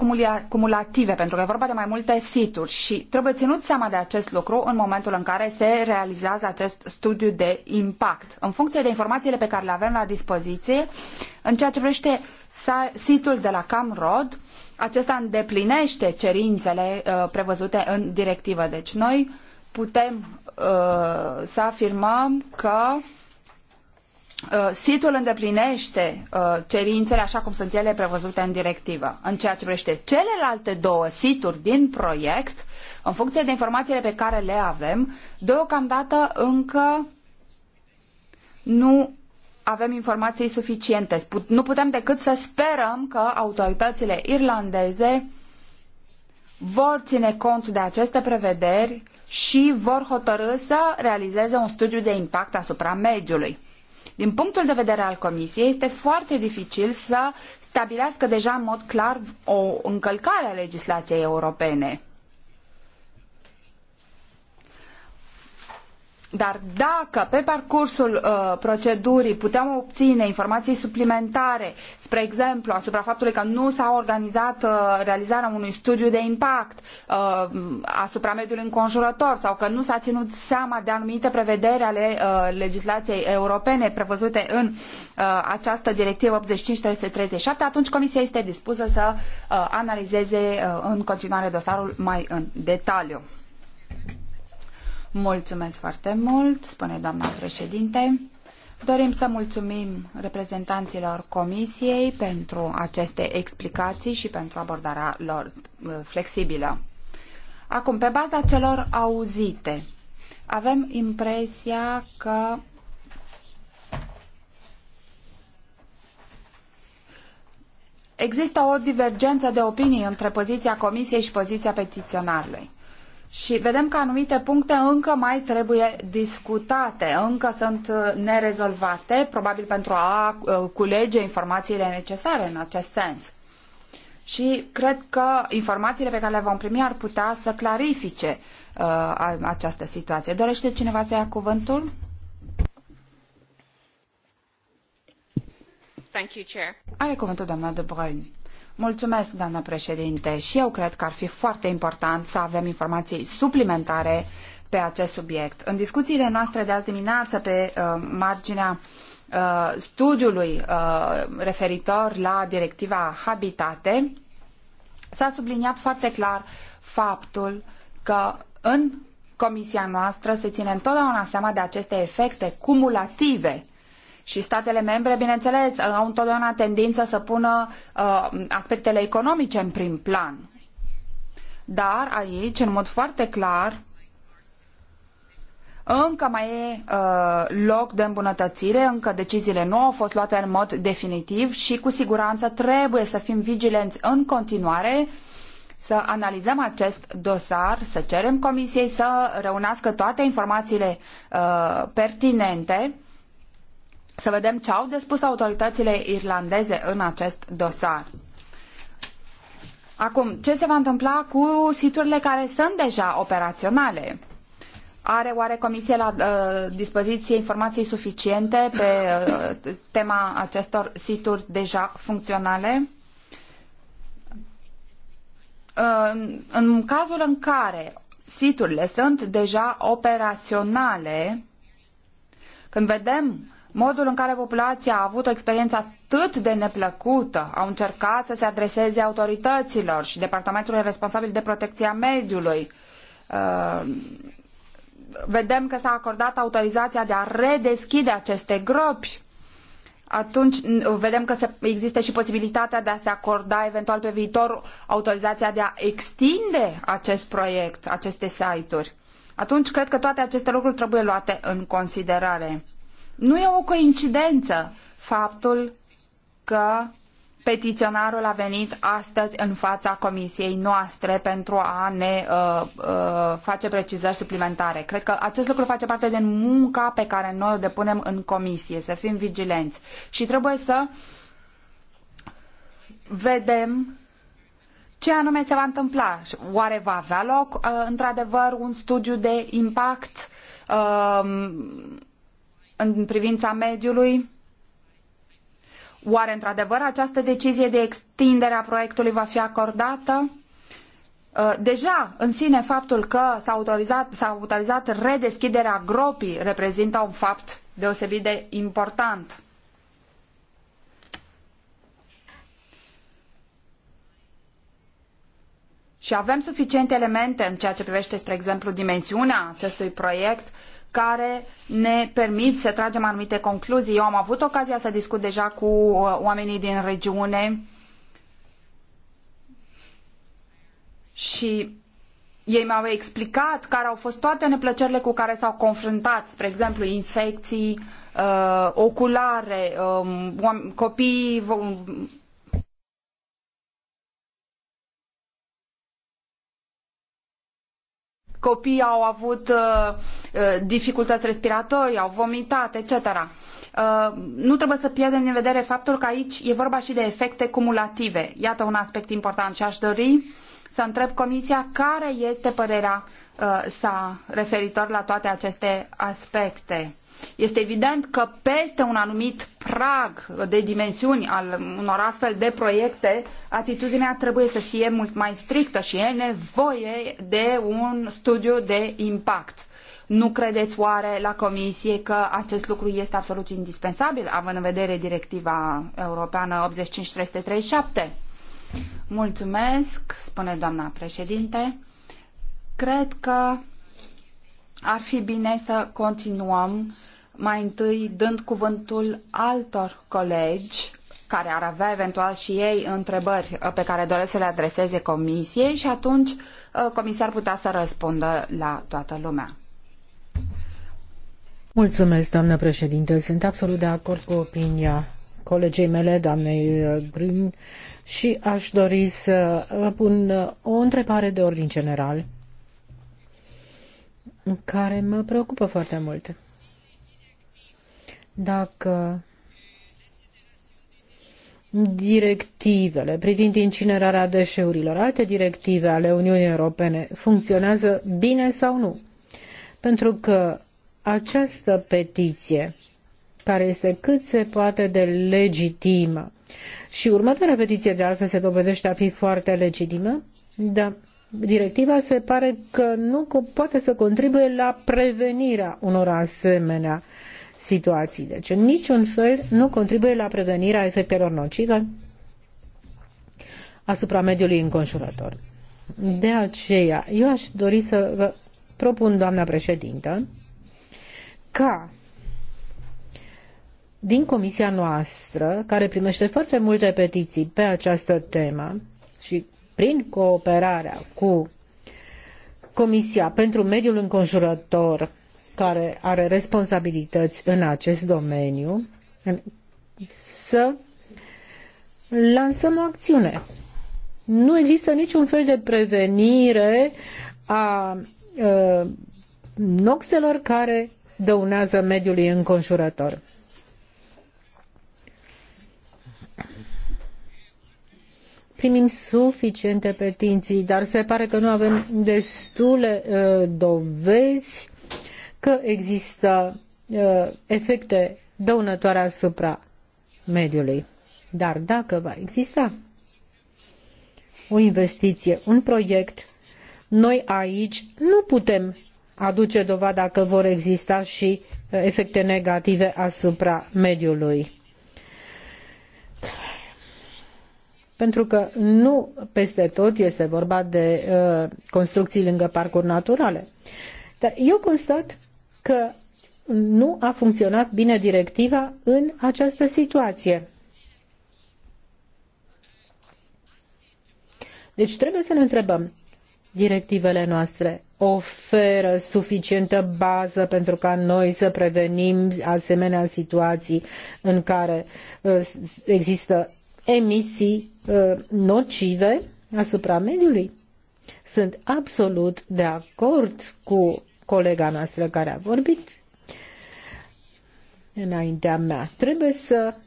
C: cumulative, pentru că e vorba de mai multe situri și trebuie ținut seama de acest lucru în momentul în care se realizează acest studiu de impact. În funcție de informațiile pe care le avem la dispoziție, în ceea ce privește situl de la Camrod, acesta îndeplinește cerințele uh, prevăzute în directivă. Deci noi putem uh, să afirmăm că Uh, situl îndeplinește uh, cerințele așa cum sunt ele prevăzute în directivă. În ceea ce privește celelalte două situri din proiect, în funcție de informațiile pe care le avem, deocamdată încă nu avem informații suficiente. Nu putem decât să sperăm că autoritățile irlandeze vor ține cont de aceste prevederi și vor hotărî să realizeze un studiu de impact asupra mediului. Din punctul de vedere al Comisiei, este foarte dificil să stabilească deja în mod clar o încălcare a legislației europene. Dar dacă pe parcursul uh, procedurii putem obține informații suplimentare, spre exemplu, asupra faptului că nu s-a organizat uh, realizarea unui studiu de impact uh, asupra mediului înconjurător sau că nu s-a ținut seama de anumite prevederi ale uh, legislației europene prevăzute în uh, această directivă 85 atunci Comisia este dispusă să uh, analizeze uh, în continuare dosarul mai în detaliu. Mulțumesc foarte mult, spune doamna președinte. Dorim să mulțumim reprezentanților Comisiei pentru aceste explicații și pentru abordarea lor uh, flexibilă. Acum, pe baza celor auzite, avem impresia că există o divergență de opinii între poziția Comisiei și poziția petiționarului. Și vedem că anumite puncte încă mai trebuie discutate, încă sunt uh, nerezolvate, probabil pentru a uh, culege informațiile necesare în acest sens. Și cred că informațiile pe care le vom primi ar putea să clarifice uh, această situație. Dorește cineva să ia cuvântul?
D: Thank you, Chair.
C: Are cuvântul doamna De Bruyne. Mulțumesc, doamnă președinte. Și eu cred că ar fi foarte important să avem informații suplimentare pe acest subiect. În discuțiile noastre de azi dimineață pe uh, marginea uh, studiului uh, referitor la directiva Habitate, s-a subliniat foarte clar faptul că în comisia noastră se ține întotdeauna seama de aceste efecte cumulative uh, și statele membre, bineînțeles, uh, au întotdeauna tendința să pună uh, aspectele economice în prim plan. Dar aici, în mod foarte clar, încă mai e uh, loc de îmbunătățire, încă deciziile nu au fost luate în mod definitiv și cu siguranță trebuie să fim vigilenți în continuare să analizăm acest dosar, să cerem comisiei să reunească toate informațiile uh, pertinente să vedem ce au de spus autoritățile irlandeze în acest dosar. Acum, ce se va întâmpla cu siturile care sunt deja operaționale? Are oare Comisia la uh, dispoziție informații suficiente pe uh, tema acestor situri deja funcționale? Uh, în cazul în care siturile sunt deja operaționale, când vedem modul în care populația a avut o experiență atât de neplăcută, au încercat să se adreseze autorităților și departamentului responsabil de protecția mediului. Uh, vedem că s-a acordat autorizația de a redeschide aceste gropi. Atunci vedem că se, există și posibilitatea de a se acorda eventual pe viitor autorizația de a extinde acest proiect, aceste site-uri. Atunci cred că toate aceste lucruri trebuie luate în considerare. Nu e o coincidență faptul că petiționarul a venit astăzi în fața comisiei noastre pentru a ne uh, uh, face precizări suplimentare. Cred că acest lucru face parte din munca pe care noi o depunem în comisie, să fim vigilenți. Și trebuie să vedem ce anume se va întâmpla. Oare va avea loc, uh, într-adevăr, un studiu de impact? Uh, în privința mediului? Oare într-adevăr această decizie de extindere a proiectului va fi acordată? Uh, deja, în sine, faptul că s-a autorizat, s-a autorizat redeschiderea gropii reprezintă un fapt deosebit de important. Și avem suficiente elemente în ceea ce privește, spre exemplu, dimensiunea acestui proiect uh, care ne permit să tragem anumite concluzii. Eu am avut ocazia să discut deja cu uh, oamenii din regiune și ei mi-au explicat care au fost toate neplăcerile cu care s-au confruntat, spre exemplu, infecții uh, oculare, um, copii copiii au avut uh, uh, dificultăți respiratorii, au vomitat, etc. Uh, nu trebuie să pierdem din vedere faptul că aici e vorba și de efecte cumulative. Iată un aspect important și aș dori să întreb Comisia care este părerea uh, sa referitor la toate aceste aspecte. Este evident că peste un anumit prag de dimensiuni al unor astfel de proiecte, atitudinea trebuie să fie mult mai strictă și e nevoie de un studiu de impact. Nu credeți oare la Comisie că acest lucru este absolut indispensabil, având în vedere directiva europeană 85-337? Mulțumesc, spune doamna președinte. Cred că ar fi bine să continuăm mai întâi dând cuvântul altor colegi care ar avea eventual și ei întrebări uh, pe care doresc să le adreseze comisiei și atunci uh, comisar putea să răspundă la toată lumea.
E: Mulțumesc, doamnă președinte. Sunt absolut de acord cu opinia colegei mele, doamnei Grün, uh, și aș dori să pun o întrebare de ordin general care mă preocupă foarte mult. Dacă directivele privind incinerarea deșeurilor, alte directive ale Uniunii Europene funcționează bine sau nu. Pentru că această petiție, care este cât se poate de legitimă, și următoarea petiție de altfel se dovedește a fi foarte legitimă, dar directiva se pare că nu poate să contribuie la prevenirea unor asemenea situații. Deci, în niciun fel nu contribuie la prevenirea efectelor nocive asupra mediului înconjurător. De aceea, eu aș dori să vă propun, doamna președintă, ca din comisia noastră, care primește foarte multe petiții pe această temă, prin cooperarea cu Comisia pentru Mediul Înconjurător, care are responsabilități în acest domeniu, să lansăm o acțiune. Nu există niciun fel de prevenire a uh, noxelor care dăunează mediului înconjurător. primim suficiente petiții, dar se pare că nu avem destule uh, dovezi că există uh, efecte dăunătoare asupra mediului. Dar dacă va exista o investiție, un proiect, noi aici nu putem aduce dovada că vor exista și uh, efecte negative asupra mediului. pentru că nu peste tot este vorba de uh, construcții lângă parcuri naturale. Dar eu constat că nu a funcționat bine directiva în această situație. Deci trebuie să ne întrebăm, directivele noastre oferă suficientă bază pentru ca noi să prevenim asemenea situații în care uh, există emisii uh, nocive asupra mediului. Sunt absolut de acord cu colega noastră care a vorbit înaintea mea. Trebuie să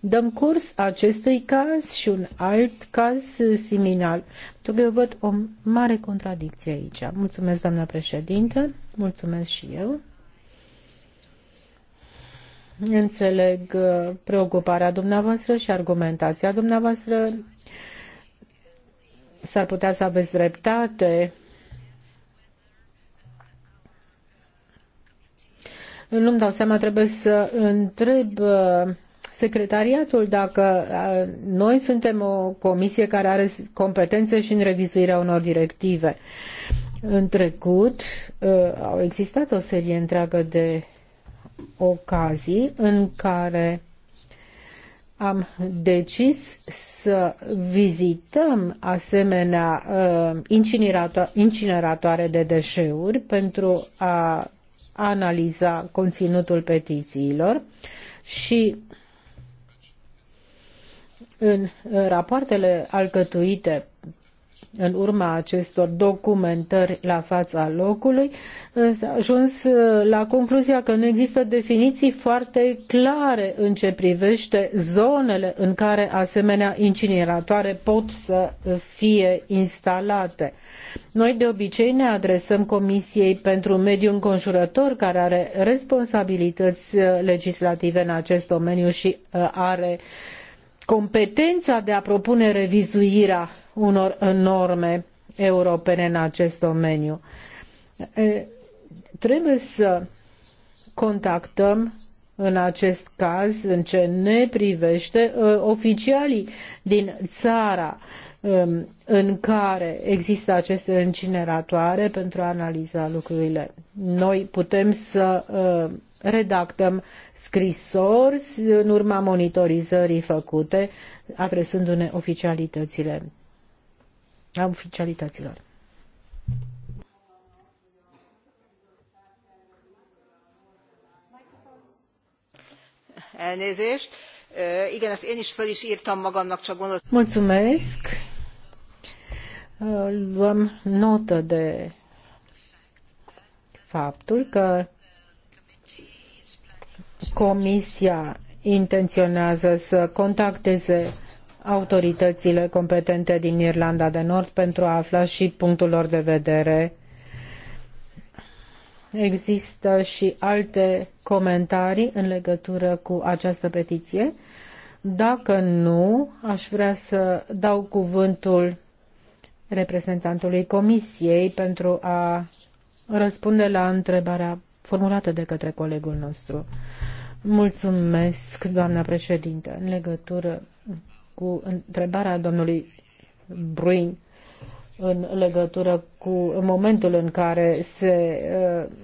E: dăm curs acestui caz și un alt caz similar. Pentru că eu văd o mare contradicție aici. Mulțumesc, doamna președintă, mulțumesc și eu. Înțeleg uh, preocuparea dumneavoastră și argumentația dumneavoastră. S-ar putea să aveți dreptate. Nu-mi dau seama, trebuie să întreb uh, secretariatul dacă uh, noi suntem o comisie care are competențe și în revizuirea unor directive. În trecut au existat o serie întreagă de ocazii în care am decis să vizităm asemenea uh, incineratoare de deșeuri pentru a analiza conținutul petițiilor și în rapoartele alcătuite în urma acestor documentări la fața locului, s-a ajuns uh, la concluzia că nu există definiții foarte clare în ce privește zonele în care asemenea incineratoare pot să fie instalate. Noi de obicei ne adresăm Comisiei pentru mediu Înconjurător, care are responsabilități uh, legislative în acest domeniu și uh, are uh, competența de a propune revizuirea unor norme europene în acest domeniu. Trebuie să contactăm în acest caz, în ce ne privește, oficialii din țara în care există aceste incineratoare pentru a analiza lucrurile. Noi putem să redactăm scrisori în urma monitorizării făcute, adresându-ne oficialitățile, oficialităților.
B: Elnézést. Igen, ezt én is föl is írtam magamnak, csak gondoltam.
E: Mulțumesc. Luăm notă de faptul că Comisia intenționează să contacteze autoritățile competente din Irlanda de Nord pentru a afla și punctul lor de vedere. Există și alte comentarii în legătură cu această petiție. Dacă nu, aș vrea să dau cuvântul reprezentantului Comisiei pentru a răspunde la întrebarea formulată de către colegul nostru. Mulțumesc, doamna președinte, în legătură cu întrebarea domnului Bruin în legătură cu momentul în care se uh,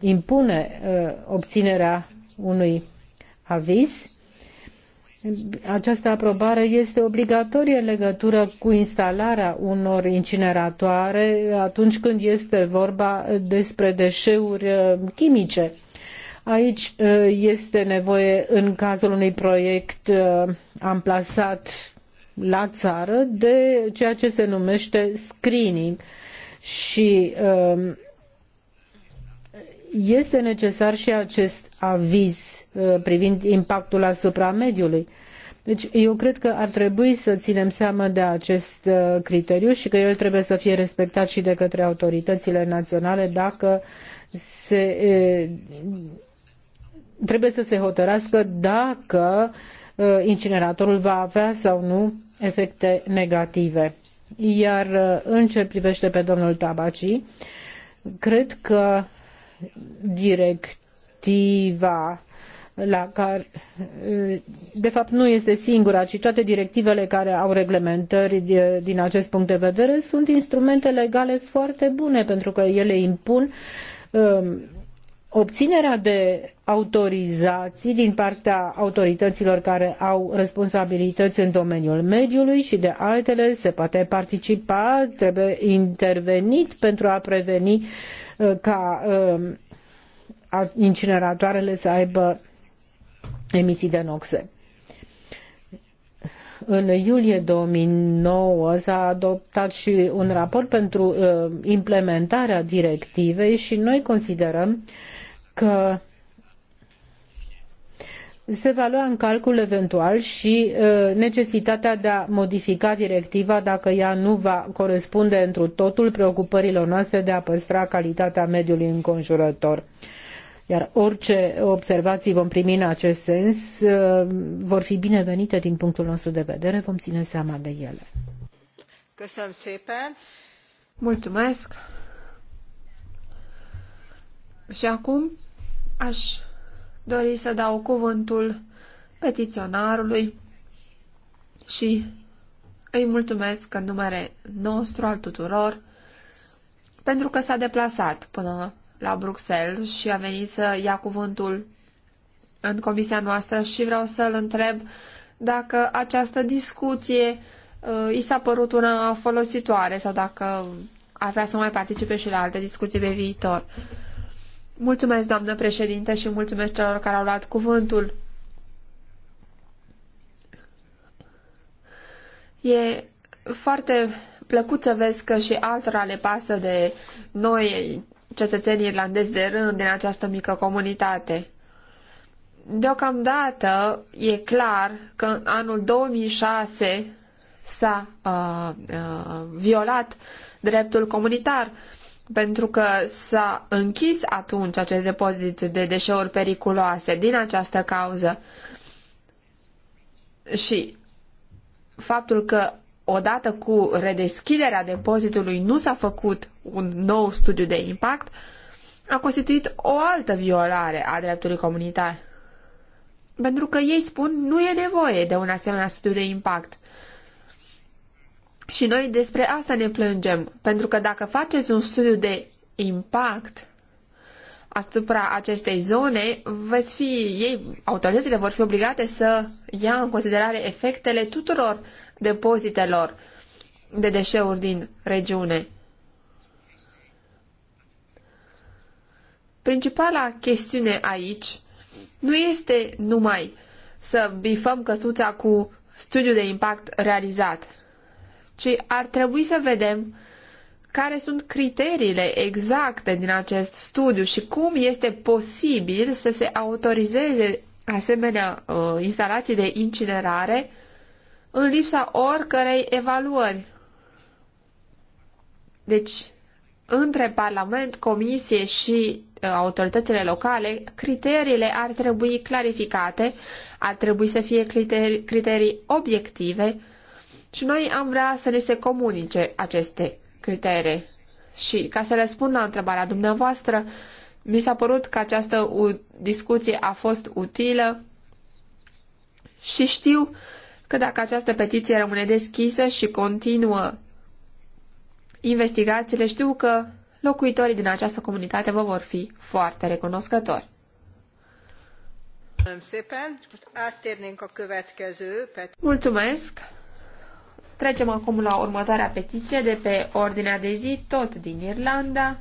E: impune uh, obținerea unui aviz. Această aprobare este obligatorie în legătură cu instalarea unor incineratoare atunci când este vorba despre deșeuri uh, chimice. Aici uh, este nevoie, în cazul unui proiect uh, amplasat la țară, de ceea ce se numește screening și este necesar și acest aviz Uh, privind impactul asupra mediului. Deci eu cred că ar trebui să ținem seama de acest uh, criteriu și că el trebuie să fie respectat și de către autoritățile naționale dacă se, uh, trebuie să se hotărască dacă incineratorul va avea sau nu efecte negative. Iar în ce privește pe domnul Tabaci, cred că directiva la care, de fapt, nu este singura, ci toate directivele care au reglementări din acest punct de vedere sunt instrumente legale foarte bune, pentru că ele impun um, obținerea de autorizații din partea autorităților care au responsabilități în domeniul mediului și de altele se poate participa, trebuie intervenit pentru a preveni uh, ca um, incineratoarele să aibă emisii de noxe. În iulie 2009 s-a adoptat și un raport pentru uh, implementarea directivei și noi considerăm că se va lua în calcul eventual și uh, necesitatea de a modifica directiva dacă ea nu va corespunde întru totul preocupărilor noastre de a păstra calitatea mediului înconjurător. Uh, iar orice observații vom primi în acest sens uh, vor fi binevenite din punctul nostru de vedere, vom ține seama de ele.
D: Mulțumesc! Și acum aș dori să dau cuvântul petiționarului și îi mulțumesc în numere nostru al tuturor pentru că s-a deplasat până la Bruxelles și a venit să ia cuvântul în comisia noastră și vreau să-l întreb dacă această discuție uh, i s-a părut una folositoare sau dacă ar vrea să mai participe și la alte discuții pe viitor. Mulțumesc, doamnă președinte, și mulțumesc celor care au luat cuvântul. E foarte plăcut să vezi că și altora le pasă de noi cetățenii irlandezi de rând din această mică comunitate. Deocamdată e clar că în anul 2006 s-a uh, uh, violat dreptul comunitar pentru că s-a închis atunci acest depozit de deșeuri periculoase din această cauză. Și faptul că odată cu redeschiderea depozitului nu s-a făcut un nou studiu de impact, a constituit o altă violare a dreptului comunitar. Pentru că ei spun nu e nevoie de un asemenea studiu de impact. Și noi despre asta ne plângem, pentru că dacă faceți un studiu de impact asupra acestei zone, veți fi, ei, autoritățile vor fi obligate să ia în considerare efectele tuturor depozitelor de deșeuri din regiune. Principala chestiune aici nu este numai să bifăm căsuța cu studiul de impact realizat, ci ar trebui să vedem care sunt criteriile exacte din acest studiu și cum este posibil să se autorizeze asemenea uh, instalații de incinerare în lipsa oricărei evaluări. Deci, între Parlament, Comisie și uh, autoritățile locale, criteriile ar trebui clarificate, ar trebui să fie criterii, criterii obiective și noi am vrea să ne se comunice aceste criterii. Și ca să răspund la întrebarea dumneavoastră, mi s-a părut că această discuție a fost utilă și știu că dacă această petiție rămâne deschisă și continuă investigațiile, știu că locuitorii din această comunitate vă vor fi foarte recunoscători. Mulțumesc! Trecem acum la următoarea petiție de pe ordinea de zi, tot din Irlanda,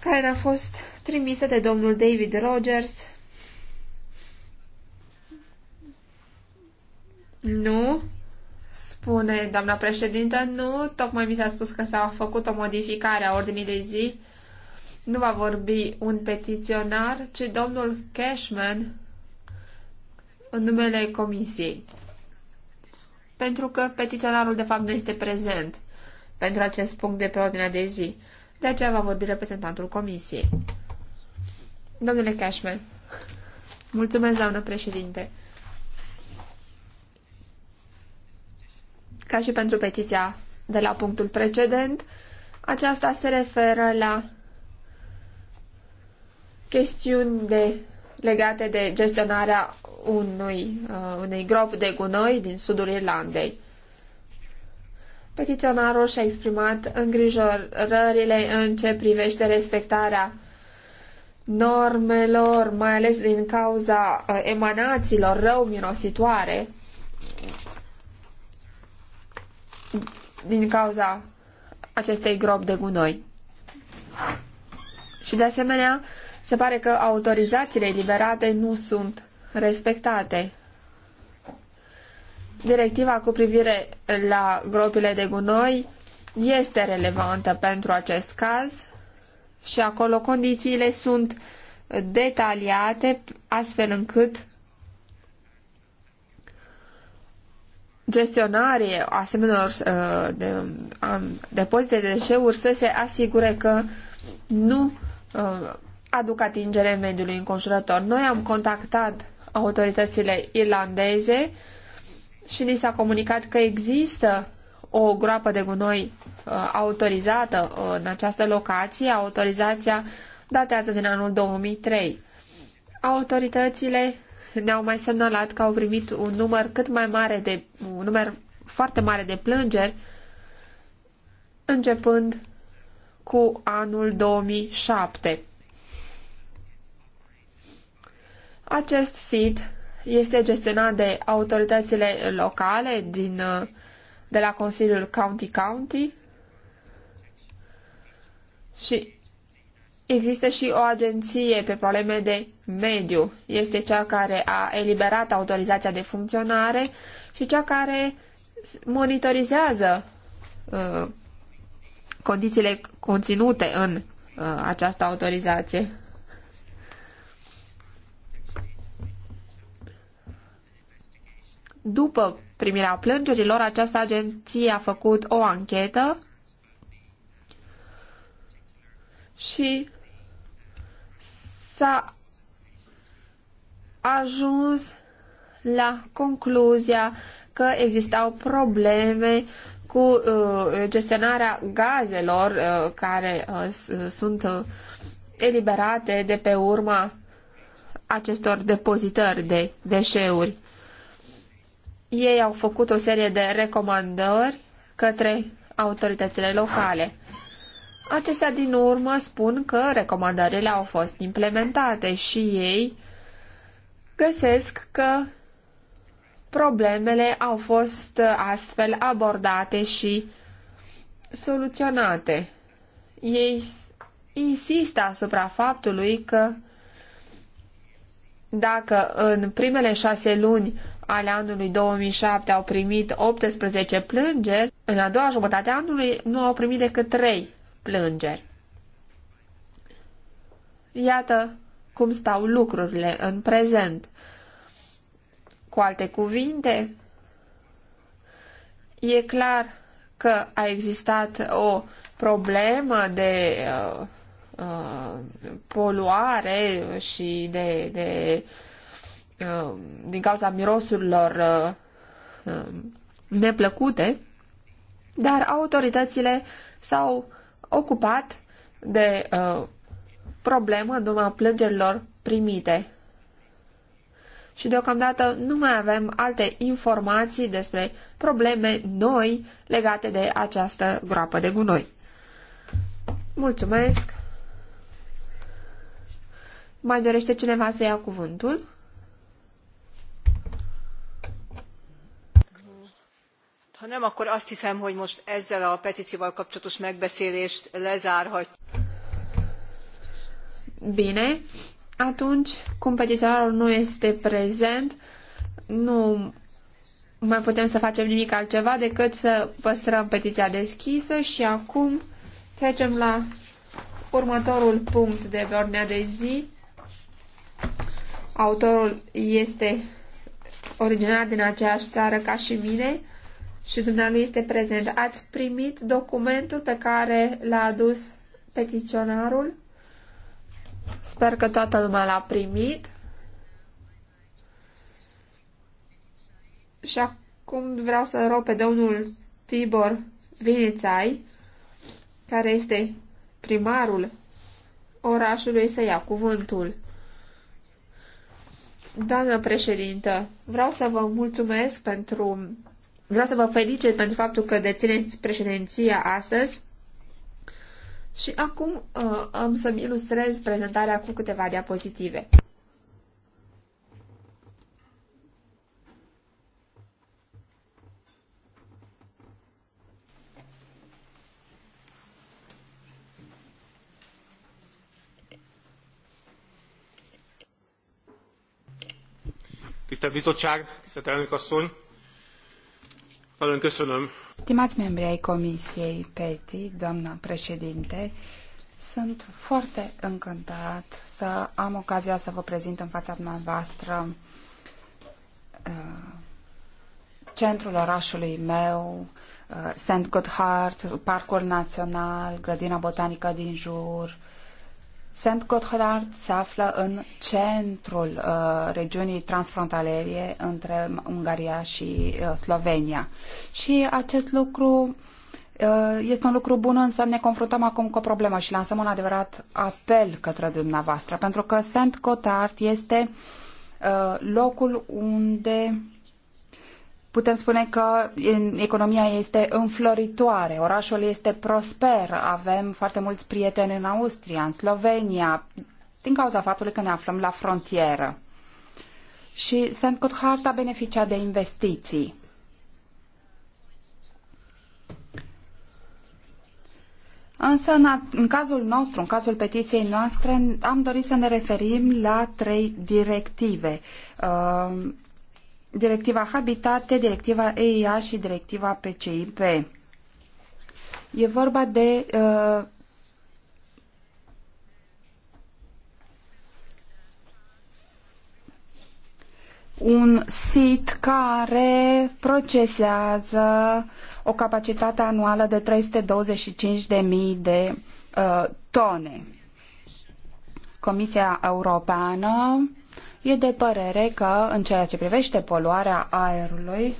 D: care ne-a fost trimisă de domnul David Rogers. Nu, spune doamna președintă, nu, tocmai mi s-a spus că s-a făcut o modificare a ordinii de zi. Nu va vorbi un petiționar, ci domnul Cashman în numele comisiei pentru că petiționarul de fapt nu este prezent pentru acest punct de pe ordinea de zi. De aceea va vorbi reprezentantul comisiei. Domnule Cashman, mulțumesc, doamnă președinte. Ca și pentru petiția de la punctul precedent, aceasta se referă la chestiuni de legate de gestionarea unui, uh, unei gropi de gunoi din sudul Irlandei. Petiționarul și-a exprimat îngrijorările în ce privește respectarea normelor, mai ales din cauza uh, emanațiilor rău mirositoare, din cauza acestei gropi de gunoi. Și de asemenea, se pare că autorizațiile eliberate nu sunt respectate. Directiva cu privire la gropile de gunoi este relevantă pentru acest caz și acolo condițiile sunt detaliate astfel încât gestionarii asemenea uh, de, depozite de deșeuri să se asigure că nu uh, aduc atingere mediului înconjurător. Noi am contactat autoritățile irlandeze și ni s-a comunicat că există o groapă de gunoi uh, autorizată uh, în această locație. Autorizația datează din anul 2003. Autoritățile ne-au mai semnalat că au primit un număr cât mai mare de un număr foarte mare de plângeri începând cu anul 2007. Acest sit este gestionat de autoritățile locale din, de la Consiliul County County și există și o agenție pe probleme de mediu. Este cea care a eliberat autorizația de funcționare și cea care monitorizează uh, condițiile conținute în uh, această autorizație. După primirea plângerilor, această agenție a făcut o anchetă și s-a ajuns la concluzia că existau probleme cu uh, gestionarea gazelor uh, care uh, sunt uh, eliberate de pe urma acestor depozitări de deșeuri. Ei au făcut o serie de recomandări către autoritățile locale. Acestea din urmă spun că recomandările au fost implementate și ei găsesc că problemele au fost astfel abordate și soluționate. Ei insistă asupra faptului că dacă în primele șase luni ale anului 2007 au primit 18 plângeri, în a doua jumătate a anului nu au primit decât 3 plângeri. Iată cum stau lucrurile în prezent. Cu alte cuvinte, e clar că a existat o problemă de uh, uh, poluare și de, de uh, Uh, din cauza mirosurilor uh, uh, neplăcute, dar autoritățile s-au ocupat de problemă în urma plângerilor primite. Și deocamdată nu mai avem alte informații despre probleme noi legate de această groapă de gunoi. Mulțumesc! Mai dorește cineva să ia cuvântul?
B: ha nem akkor azt hiszem hogy most ezzel a petcióval kapcsolatos megbeszélést lezárhatjuk.
D: Bine, atunci, cum nu este prezent, nu mai putem să facem nimic altceva decât să păstrăm petiția deschisă și acum trecem la următorul punct de pe ordinea de zi. Autorul este originar din aceeași țară ca și mine și dumneavoastră este prezent. Ați primit documentul pe care l-a adus peticionarul? Sper că toată lumea l-a primit. Și acum vreau să rog pe domnul Tibor Vinețai, care este primarul orașului, să ia cuvântul. Doamnă președintă, vreau să vă mulțumesc pentru Vreau să vă felicit pentru faptul că dețineți președinția astăzi și acum uh, am să-mi ilustrez prezentarea cu câteva diapozitive.
B: Tisztelt Bizottság, tisztelt Elnök asszony! Nagyon köszönöm.
C: Stimați membri ai Comisiei PETI, doamna președinte, sunt foarte încântat să am ocazia să vă prezint în fața dumneavoastră uh, centrul orașului meu, uh, St. Goodhart, Parcul Național, Grădina Botanică din jur, Saint Gotthard se află în centrul uh, regiunii transfrontaliere între Ungaria și uh, Slovenia. Și acest lucru uh, este un lucru bun, însă ne confruntăm acum cu o problemă și lansăm un adevărat apel către dumneavoastră, pentru că Saint Cotard este uh, locul unde Putem spune că economia este înfloritoare, orașul este prosper, avem foarte mulți prieteni în Austria, în Slovenia, din cauza faptului că ne aflăm la frontieră. Și St. Gotthard a beneficiat de investiții. Însă, în, în cazul nostru, în cazul petiției noastre, am dorit să ne referim la trei directive. Uh, directiva Habitate, directiva EIA și directiva PCIP. E vorba de uh, un sit care procesează o capacitate anuală de 325.000 de uh, tone. Comisia Europeană uh, e de părere că, în ceea ce privește poluarea aerului,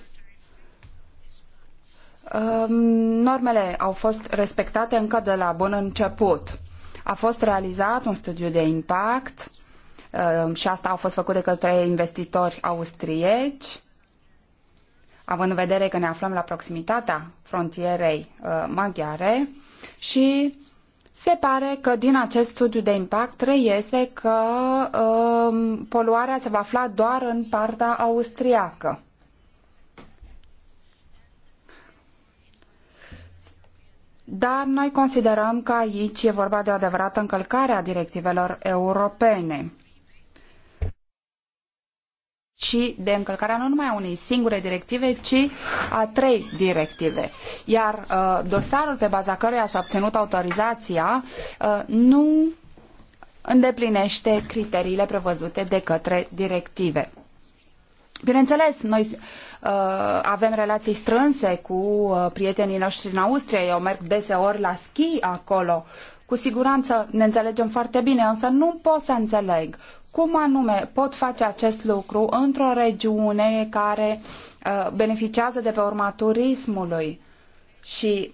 C: um, normele au fost respectate încă de la bun început. A fost realizat un studiu de impact um, și asta a fost făcut de către investitori austrieci, având în vedere că ne aflăm la proximitatea frontierei uh, maghiare și se pare că din acest studiu de impact reiese că um, poluarea se va afla doar în partea austriacă. Dar noi considerăm că aici e vorba de o adevărată încălcare a directivelor europene ci de încălcarea nu numai a unei singure directive, ci a trei directive. Iar uh, dosarul pe baza căruia s-a obținut autorizația uh, nu îndeplinește criteriile prevăzute de către directive. Bineînțeles, noi uh, avem relații strânse cu uh, prietenii noștri în Austria. Eu merg deseori la schi acolo cu siguranță ne înțelegem foarte bine, însă nu pot să înțeleg cum anume pot face acest lucru într-o regiune care uh, beneficiază de pe urma turismului și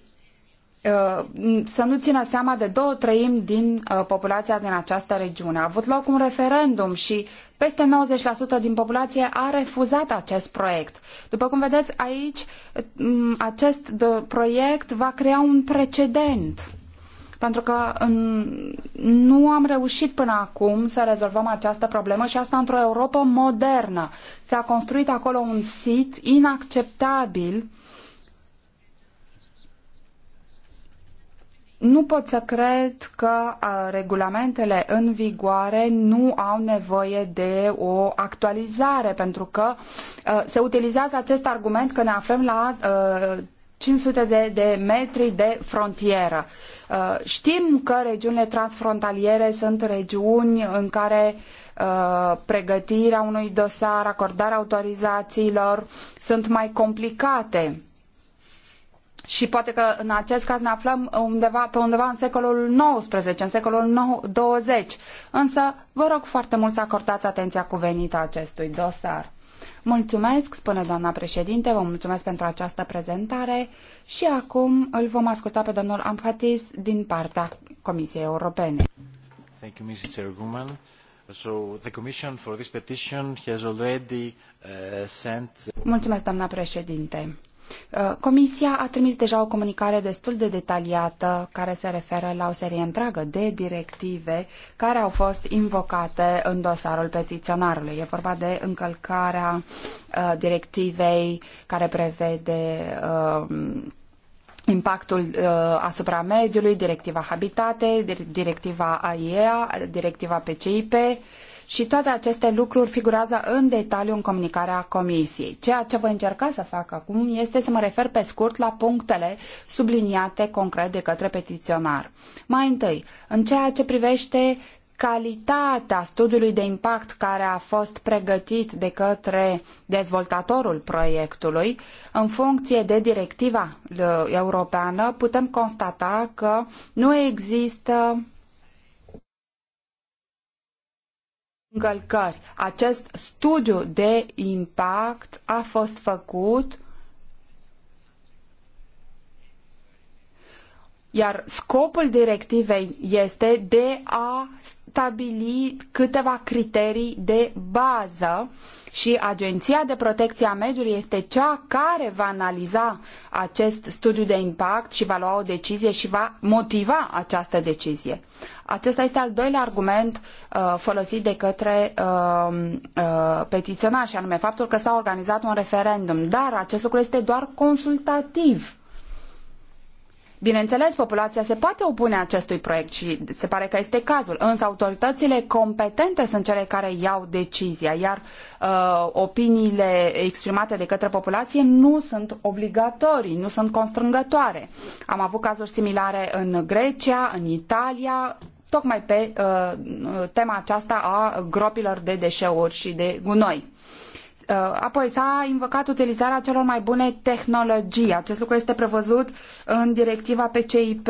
C: uh, să nu țină seama de două treimi din uh, populația din această regiune. A avut loc un referendum și peste 90% din populație a refuzat acest proiect. După cum vedeți aici, mm, acest proiect va crea un precedent pentru că nu am reușit până acum să rezolvăm această problemă și asta într-o Europa modernă. S-a construit acolo un sit inacceptabil. Nu pot să cred că a, regulamentele în vigoare nu au nevoie de o actualizare, pentru că a, se utilizează acest argument că ne aflăm la a, 500 de, de metri de frontieră. Uh, știm că regiunile transfrontaliere sunt regiuni în care uh, pregătirea unui dosar, acordarea autorizațiilor sunt mai complicate. Și poate că în acest caz ne aflăm undeva, pe undeva în secolul XIX, în secolul XX. Însă vă rog foarte mult să acordați atenția cuvenită acestui dosar. Mulțumesc, spune doamna președinte, vă mulțumesc pentru această prezentare și acum îl vom asculta pe domnul Amphatis din partea Comisiei Europene.
A: Thank you, Mrs. Erguman. So the Commission for this petition has already uh, sent... Mulțumesc,
C: doamna președinte. Uh, comisia a trimis deja o comunicare destul de detaliată care se referă la o serie întreagă de directive care au fost invocate în dosarul petiționarului. E vorba de încălcarea uh, directivei care prevede uh, impactul uh, asupra mediului, directiva Habitate, directiva AIEA, directiva PCIP și toate aceste lucruri figurează în detaliu în comunicarea Comisiei. Ceea ce voi încerca să fac acum este să mă refer pe scurt la punctele subliniate concret de către petiționar. Mai întâi, în ceea ce privește calitatea studiului de impact care a fost pregătit de către dezvoltatorul proiectului, în funcție de directiva uh, europeană, putem constata că nu există încălcări. Acest studiu de impact a fost făcut iar scopul directivei este de a stabili câteva criterii de bază și Agenția de Protecție a Mediului este cea care va analiza acest studiu de impact și va lua o decizie și va motiva această decizie. Acesta este al doilea argument uh, folosit de către um, uh, uh, petiționar și anume faptul că s-a organizat un referendum, dar acest lucru este doar consultativ Bineînțeles, populația se poate opune acestui proiect și se pare că este cazul, însă autoritățile competente sunt cele care iau decizia, iar uh, opiniile exprimate de către populație nu sunt obligatorii, nu sunt constrângătoare. Am avut cazuri similare în Grecia, în Italia, tocmai pe uh, tema aceasta a gropilor de deșeuri și de gunoi. Uh, apoi s-a invocat utilizarea celor mai bune tehnologii. Acest lucru este prevăzut în directiva PCIP.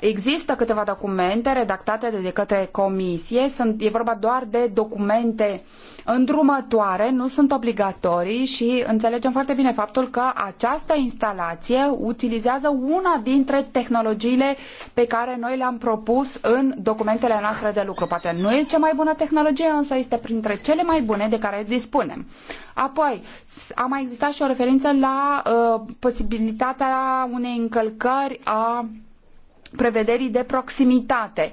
C: Există câteva documente redactate de către comisie, sunt, e vorba doar de documente îndrumătoare, nu sunt obligatorii și înțelegem foarte bine faptul că această instalație utilizează una dintre tehnologiile pe care noi le-am propus în documentele noastre de lucru. Poate nu e cea mai bună tehnologie, însă este printre cele mai bune de care dispunem. Apoi, a mai existat și o referință la uh, posibilitatea unei încălcări a prevederii de proximitate.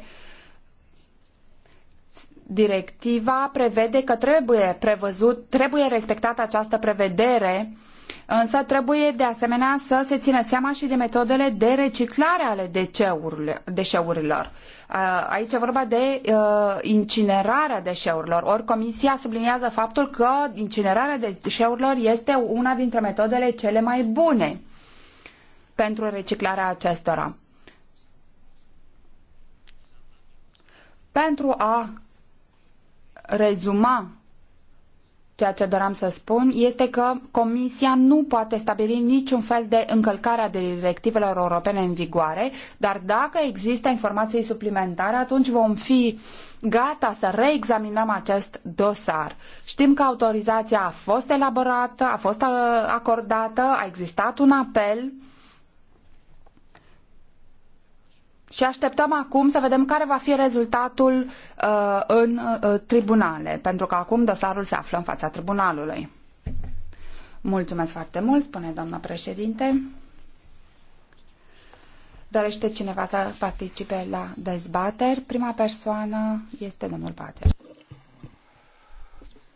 C: Directiva prevede că trebuie, prevăzut, trebuie respectată această prevedere Însă trebuie de asemenea să se țină seama și de metodele de reciclare ale deșeurilor. Aici e vorba de incinerarea deșeurilor. Ori Comisia subliniază faptul că incinerarea deșeurilor este una dintre metodele cele mai bune pentru reciclarea acestora. Pentru a rezuma ceea ce doream să spun este că Comisia nu poate stabili niciun fel de încălcare a directivelor europene în vigoare, dar dacă există informații suplimentare, atunci vom fi gata să reexaminăm acest dosar. Știm că autorizația a fost elaborată, a fost uh, acordată, a existat un apel și așteptăm acum să vedem care va fi rezultatul uh, în uh, tribunale, pentru că acum dosarul se află în fața tribunalului. Mulțumesc foarte mult, spune doamna președinte. Dorește cineva să participe la dezbateri? Prima persoană este domnul Pater.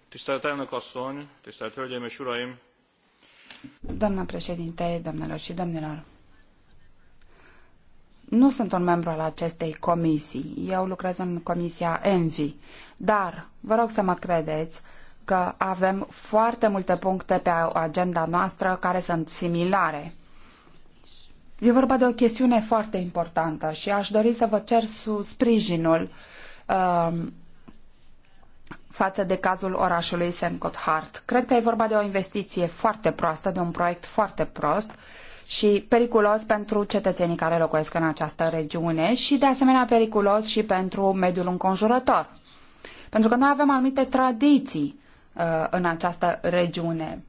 B: Tisztelt elnök asszony, tisztelt hölgyeim és uraim!
C: Doamna președinte, domnilor și domnilor! Nu sunt un membru al acestei comisii. Eu lucrez în comisia ENVI. Dar vă rog să mă credeți că avem foarte multe puncte pe agenda noastră care sunt similare. E vorba de o chestiune foarte importantă și aș dori să vă cer sprijinul um, uh, față de cazul orașului Semcot Hart. Cred că e vorba de o investiție foarte proastă, de un proiect foarte prost uh, și periculos pentru cetățenii care locuiesc în această regiune și de asemenea periculos și pentru mediul înconjurător. Pentru că noi avem anumite tradiții uh, în această regiune.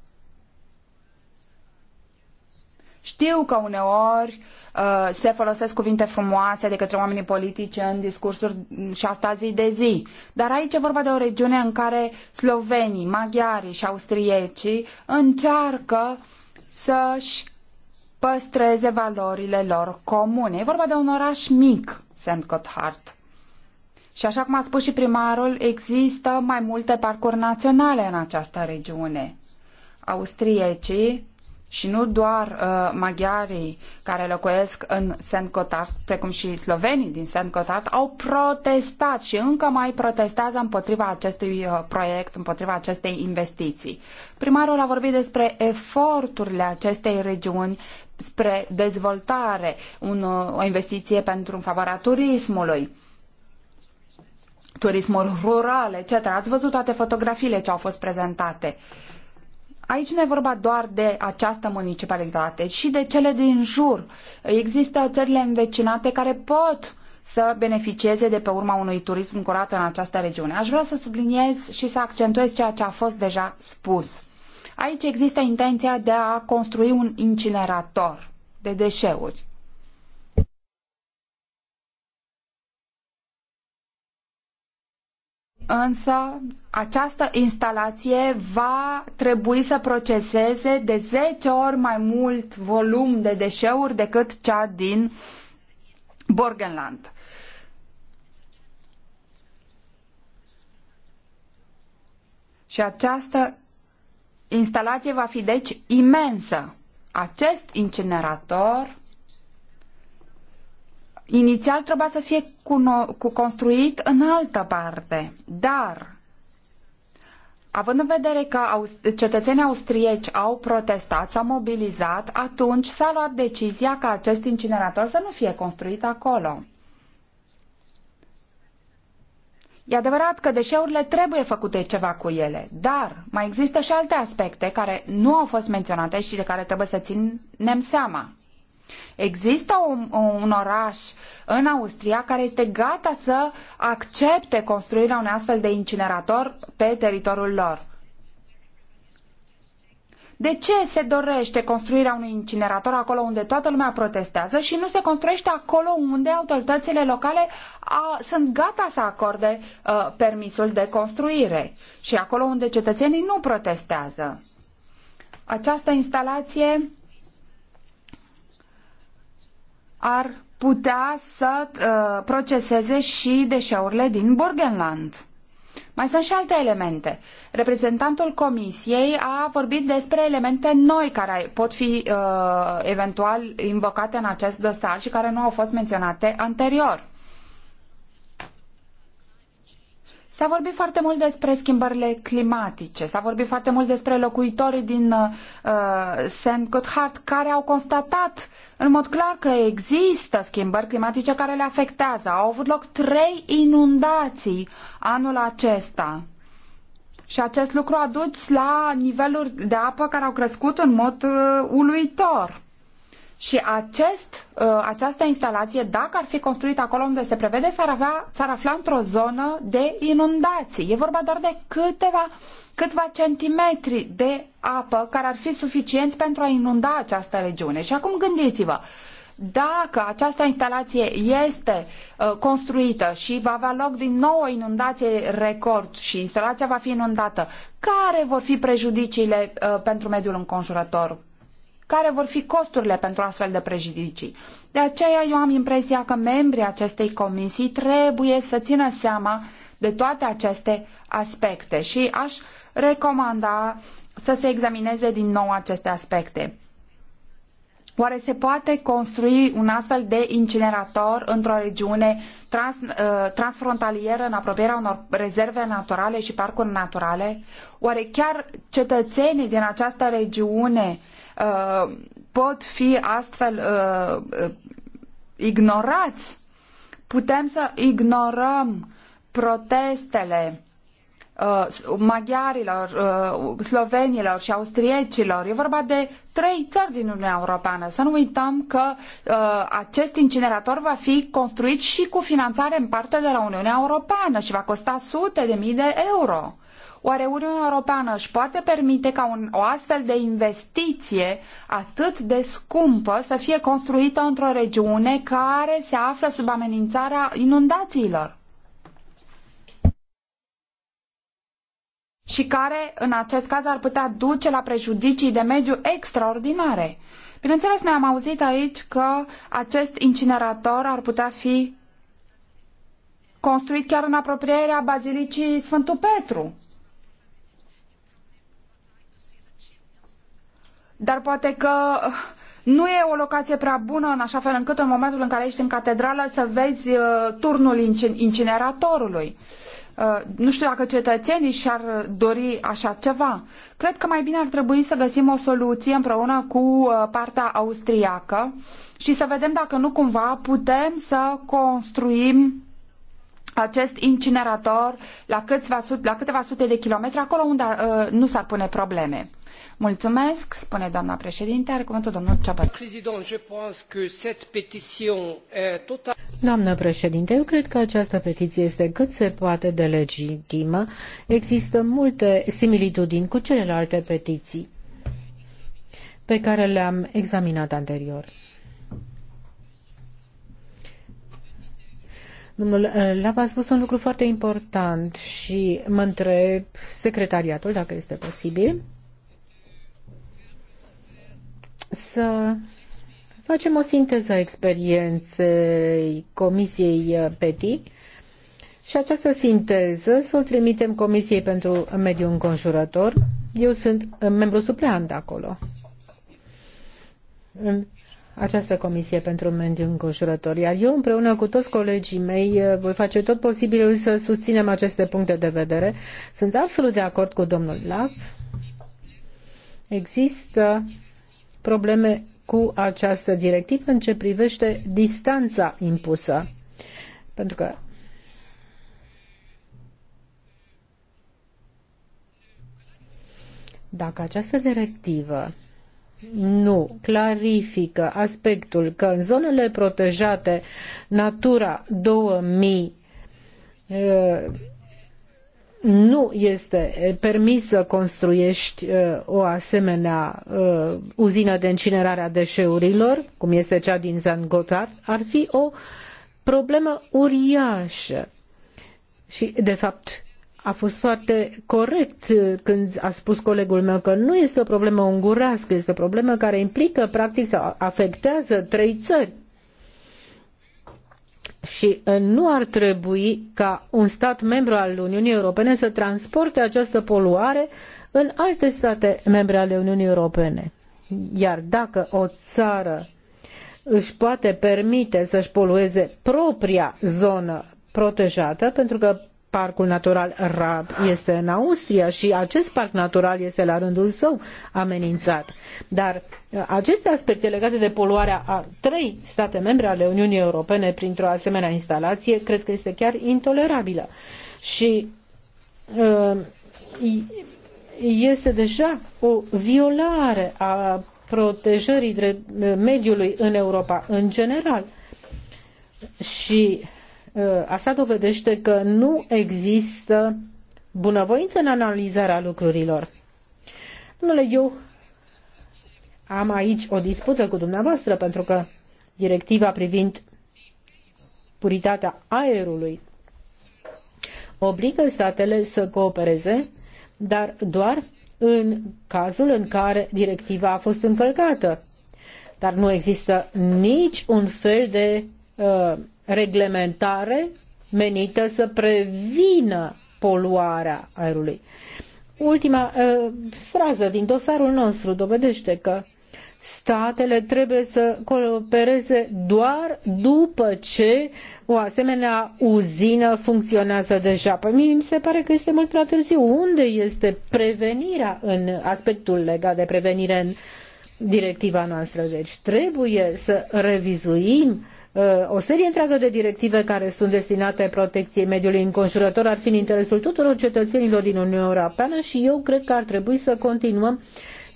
C: Știu că uneori uh, se folosesc cuvinte frumoase de către oamenii politici în discursuri și asta zi de zi, dar aici e vorba de o regiune în care slovenii, maghiarii și austriecii încearcă să-și păstreze valorile lor comune. E vorba de un oraș mic, St. Gotthard. Și așa cum a spus și primarul, există mai multe parcuri naționale în această regiune. Austriecii și nu doar uh, maghiarii care locuiesc în Saint Cotard, precum și slovenii din Saint Cotard, au protestat și încă mai protestează împotriva acestui uh, proiect, împotriva acestei investiții. Primarul a vorbit despre eforturile acestei regiuni spre dezvoltare, un, uh, o investiție pentru în favoarea turismului turismul rural, etc. Ați văzut toate fotografiile ce au fost prezentate. Uh, Aici nu e vorba doar de această municipalitate, ci de cele din jur. Există țările învecinate care pot să beneficieze de pe urma unui turism curat în această regiune. Aș vrea să subliniez și să accentuez ceea ce a fost deja spus. Aici există intenția de a construi un incinerator de deșeuri. însă această instalație va trebui să proceseze de 10 ori mai mult volum de deșeuri decât cea din Borgenland. Și această instalație va fi deci imensă. Acest incinerator inițial trebuia să fie construit în altă parte, dar Având în vedere că cetățenii austrieci au protestat, s-au mobilizat, atunci s-a luat decizia ca acest incinerator să nu fie construit acolo. E adevărat că deșeurile trebuie făcute ceva cu ele, dar mai există și alte aspecte care nu au fost menționate și de care trebuie să ținem seama. Există un, un oraș în Austria care este gata să accepte construirea unui astfel de incinerator pe teritoriul lor. De ce se dorește construirea unui incinerator acolo unde toată lumea protestează și nu se construiește acolo unde autoritățile locale a, sunt gata să acorde uh, permisul de construire și acolo unde cetățenii nu protestează? Această instalație ar putea să uh, proceseze și deșeurile din Burgenland. Mai sunt și alte elemente. Reprezentantul comisiei a vorbit despre elemente noi care pot fi uh, eventual invocate în acest dosar și care nu au fost menționate anterior. S-a vorbit foarte mult despre schimbările climatice, s-a vorbit foarte mult despre locuitorii din uh, St. Gotthard care au constatat în mod clar că există schimbări climatice care le afectează. Au avut loc trei inundații anul acesta. Și acest lucru a dus la niveluri de apă care au crescut în mod uh, uluitor. Și acest, uh, această instalație, dacă ar fi construită acolo unde se prevede, s-ar, avea, s-ar afla într-o zonă de inundații. E vorba doar de câteva, câțiva centimetri de apă care ar fi suficienți pentru a inunda această regiune. Și acum gândiți-vă, dacă această instalație este uh, construită și va avea loc din nou o inundație record și instalația va fi inundată, care vor fi prejudiciile uh, pentru mediul înconjurător? care vor fi costurile pentru astfel de prejudicii. De aceea eu am impresia că membrii acestei comisii trebuie să țină seama de toate aceste aspecte și aș recomanda să se examineze din nou aceste aspecte. Oare se poate construi un astfel de incinerator într-o regiune trans, uh, transfrontalieră în apropierea unor rezerve naturale și parcuri naturale? Oare chiar cetățenii din această regiune uh, Uh, pot fi astfel uh, uh, ignorați. Putem să ignorăm protestele Uh, maghiarilor, uh, slovenilor și austriecilor. E vorba de trei țări din Uniunea Europeană. Să nu uităm că uh, acest incinerator va fi construit și cu finanțare în parte de la Uniunea Europeană și va costa sute de mii de euro. Oare Uniunea Europeană își poate permite ca un, o astfel de investiție atât de scumpă să fie construită într-o regiune care se află sub amenințarea inundațiilor? și care, în acest caz, ar putea duce la prejudicii de mediu extraordinare. Bineînțeles, ne-am auzit aici că acest incinerator ar putea fi construit chiar în apropierea Bazilicii Sfântul Petru. Dar poate că nu e o locație prea bună în așa fel încât în momentul în care ești în catedrală să vezi uh, turnul incin incineratorului. Uh, nu știu dacă cetățenii și-ar dori așa ceva. Cred că mai bine ar trebui să găsim o soluție împreună cu uh, partea austriacă și să vedem dacă nu cumva putem să construim acest incinerator la, câțiva, la câteva sute de kilometri, acolo unde uh, nu s-ar pune probleme. Mulțumesc, spune doamna președinte, are cuvântul domnul Ciobăr.
E: Doamnă președinte, eu cred că această petiție este cât se poate de legitimă. Există multe similitudini cu celelalte petiții pe care le-am examinat anterior. Domnul eh, Lav a spus un lucru foarte important și mă întreb secretariatul, dacă este posibil, să facem o sinteză a experienței Comisiei PETI și această sinteză să o trimitem Comisiei pentru Mediul Înconjurător. Eu sunt membru supleant acolo. În această comisie pentru mediul înconjurător. Iar eu împreună cu toți colegii mei voi face tot posibilul să susținem aceste puncte de vedere. Sunt absolut de acord cu domnul Lav. Există probleme cu această directivă în ce privește distanța impusă. Pentru că dacă această directivă nu clarifică aspectul că în zonele protejate Natura 2000 nu este permis să construiești uh, o asemenea uh, uzină de incinerare a deșeurilor, cum este cea din Zangotar, ar fi o problemă uriașă. Și, de fapt, a fost foarte corect uh, când a spus colegul meu că nu este o problemă ungurească, este o problemă care implică, practic, sau afectează trei țări și uh, nu ar trebui ca un stat membru al Uniunii Europene să transporte această poluare în alte state membre ale Uniunii Europene. Iar dacă o țară își poate permite să-și polueze propria zonă protejată, pentru că Parcul Natural Rab este în Austria și acest parc natural este la rândul său amenințat. Dar uh, aceste aspecte legate de poluarea a trei state membre ale Uniunii Europene printr-o asemenea instalație cred că este chiar intolerabilă. Și uh, este deja o violare a protejării uh, mediului în Europa în general. Și Uh, asta dovedește că nu există bunăvoință în analizarea lucrurilor. Domnule, eu am aici o dispută cu dumneavoastră pentru că directiva privind puritatea aerului obligă statele să coopereze, dar doar în cazul în care directiva a fost încălcată. Dar nu există nici un fel de uh, reglementare menită să prevină poluarea aerului. Ultima uh, frază din dosarul nostru dovedește că statele trebuie să coopereze doar după ce o asemenea uzină funcționează deja. Păi mie mi se pare că este mult prea târziu. Unde este prevenirea în aspectul legat de prevenire în directiva noastră? Deci trebuie să revizuim uh, Uh, o serie întreagă de directive care sunt destinate protecției mediului înconjurător ar fi în interesul tuturor cetățenilor din Uniunea Europeană și eu cred că ar trebui să continuăm.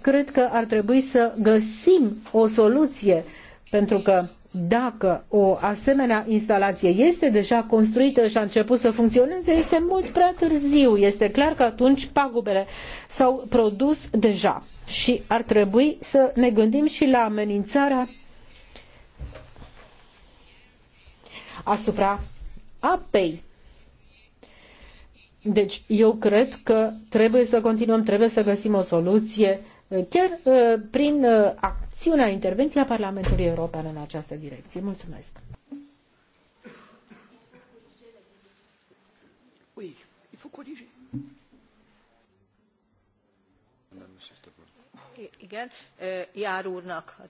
E: Cred că ar trebui să găsim o soluție pentru că dacă o asemenea instalație este deja construită și a început să funcționeze, este mult prea târziu. Este clar că atunci pagubele s-au produs deja și ar trebui să ne gândim și la amenințarea asupra apei. Deci eu cred că trebuie să continuăm, trebuie să găsim o soluție uh, chiar uh, prin uh, acțiunea, intervenția Parlamentului European în această direcție. Mulțumesc!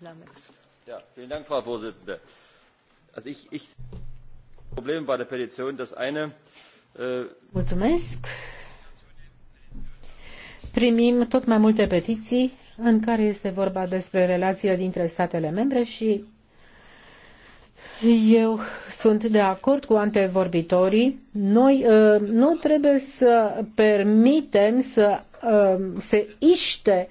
E: Da, mulțumesc, Ja, vielen Dank, Frau Vorsitzende. Also
B: ich, ich... Problem bei der Petition, das eine... Äh,
E: Mulțumesc! Primim tot mai multe petiții în care este vorba despre relația dintre statele membre și eu sunt de acord cu antevorbitorii. Noi uh, nu trebuie să permitem să uh, se iște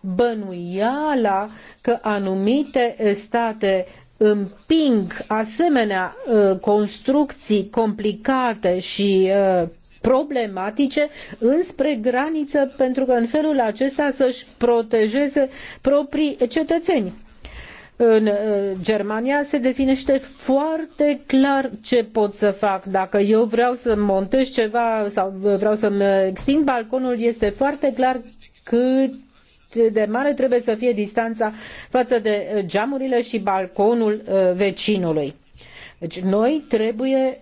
E: bănuiala că anumite state împing asemenea ă, construcții complicate și ă, problematice înspre graniță pentru că în felul acesta să-și protejeze proprii cetățeni. În ă, Germania se definește foarte clar ce pot să fac. Dacă eu vreau să montez ceva sau vreau să-mi extind balconul, este foarte clar cât de mare trebuie să fie distanța față de uh, geamurile și balconul uh, vecinului. Deci noi trebuie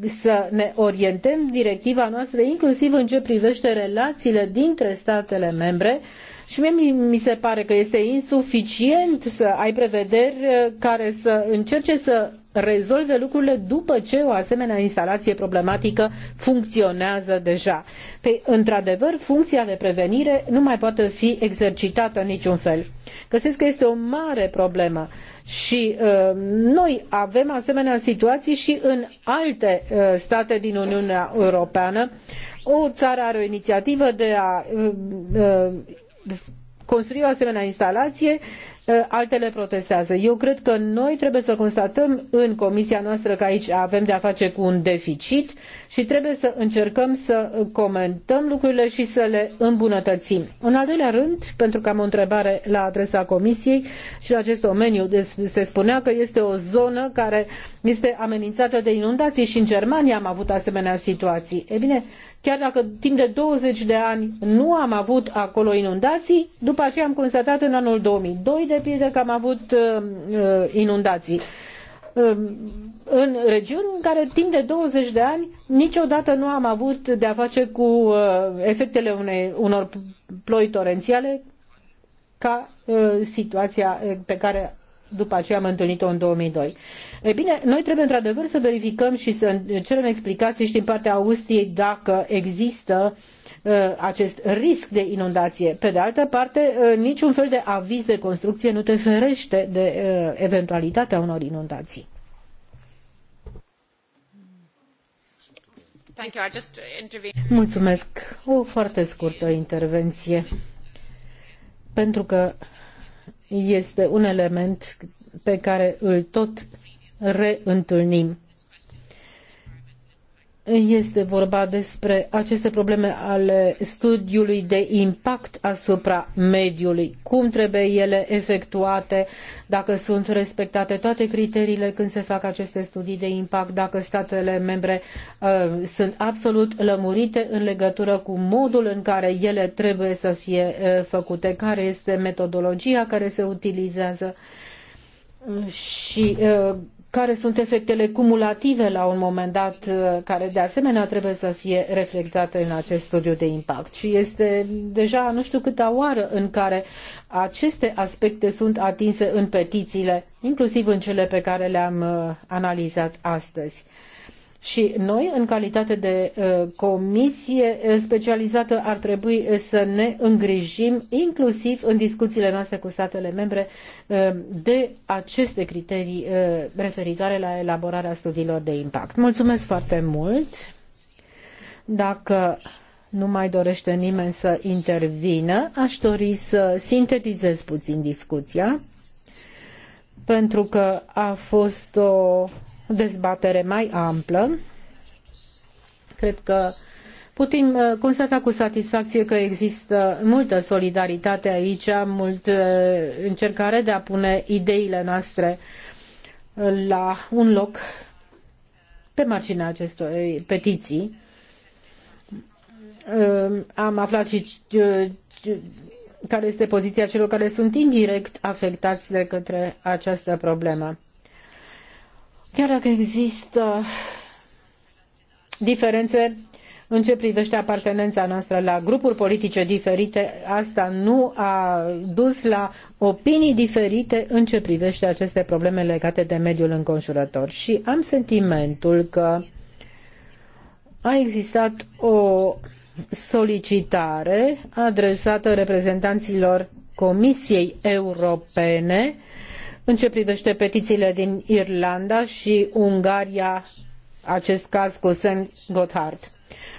E: uh, să ne orientăm directiva noastră inclusiv în ce privește relațiile dintre statele membre și mie mi se pare că este insuficient să ai prevederi care să încerce să rezolve lucrurile după ce o asemenea instalație problematică funcționează deja. Pe, într-adevăr, funcția de prevenire nu mai poate fi exercitată în niciun fel. Găsesc că este o mare problemă și uh, noi avem asemenea situații și în alte uh, state din Uniunea Europeană. O țară are o inițiativă de a uh, uh construi o asemenea instalație Eh, altele protestează. Eu cred că noi trebuie să constatăm în comisia noastră că aici avem de a face cu un deficit și trebuie să încercăm să comentăm lucrurile și să le îmbunătățim. În al doilea rând, pentru că am o întrebare la adresa comisiei și la acest domeniu se spunea că este o zonă care este amenințată de inundații și în Germania am avut asemenea situații. E bine, Chiar dacă timp de 20 de ani nu am avut acolo inundații, după aceea am constatat în anul 2002, de pildă, că am avut uh, uh inundații uh, în regiuni în care timp de 20 de ani niciodată nu am avut de a face cu uh, efectele unei, unor ploi torențiale ca situația pe care după aceea am întâlnit-o în 2002. Ei bine, noi trebuie într-adevăr să verificăm și să cerem explicații și din partea Austriei dacă există uh, acest risc de inundație. Pe de altă parte, uh, niciun fel de aviz de construcție nu te ferește de uh, eventualitatea unor inundații.
D: Uh, Mulțumesc.
E: O foarte scurtă intervenție. Pentru că este un element pe care îl tot reîntâlnim este vorba despre aceste probleme ale studiului de impact asupra mediului. Cum trebuie ele efectuate, dacă sunt respectate toate criteriile când se fac aceste studii de impact, dacă statele membre uh, sunt absolut lămurite în legătură cu modul în care ele trebuie să fie uh, făcute, care este metodologia care se utilizează și uh, care sunt efectele cumulative la un moment dat, uh, care de asemenea trebuie să fie reflectate în acest studiu de impact. Și este deja nu știu câta oară în care aceste aspecte sunt atinse în petițiile, inclusiv în cele pe care le-am uh, analizat astăzi. Și noi, în calitate de uh, comisie uh, specializată, ar trebui uh, să ne îngrijim, inclusiv în discuțiile noastre cu statele membre, de aceste criterii referitoare la elaborarea studiilor de impact. Mulțumesc foarte mult! Dacă nu mai dorește nimeni să intervină, aș dori să sintetizez puțin discuția, pentru că a fost o dezbatere mai amplă. Cred că putem uh, constata cu satisfacție că există multă solidaritate aici, mult uh, încercare de a pune ideile noastre uh, la un loc pe marginea acestor petiții. Am aflat și care este poziția celor care sunt indirect afectați de către această problemă. Chiar dacă există diferențe în ce privește apartenența noastră la grupuri politice diferite, asta nu a dus la opinii diferite în ce privește aceste probleme legate de mediul înconjurător. Și am sentimentul că a existat o solicitare adresată reprezentanților Comisiei Europene în ce privește petițiile din Irlanda și Ungaria, acest caz cu Sen Gotthard.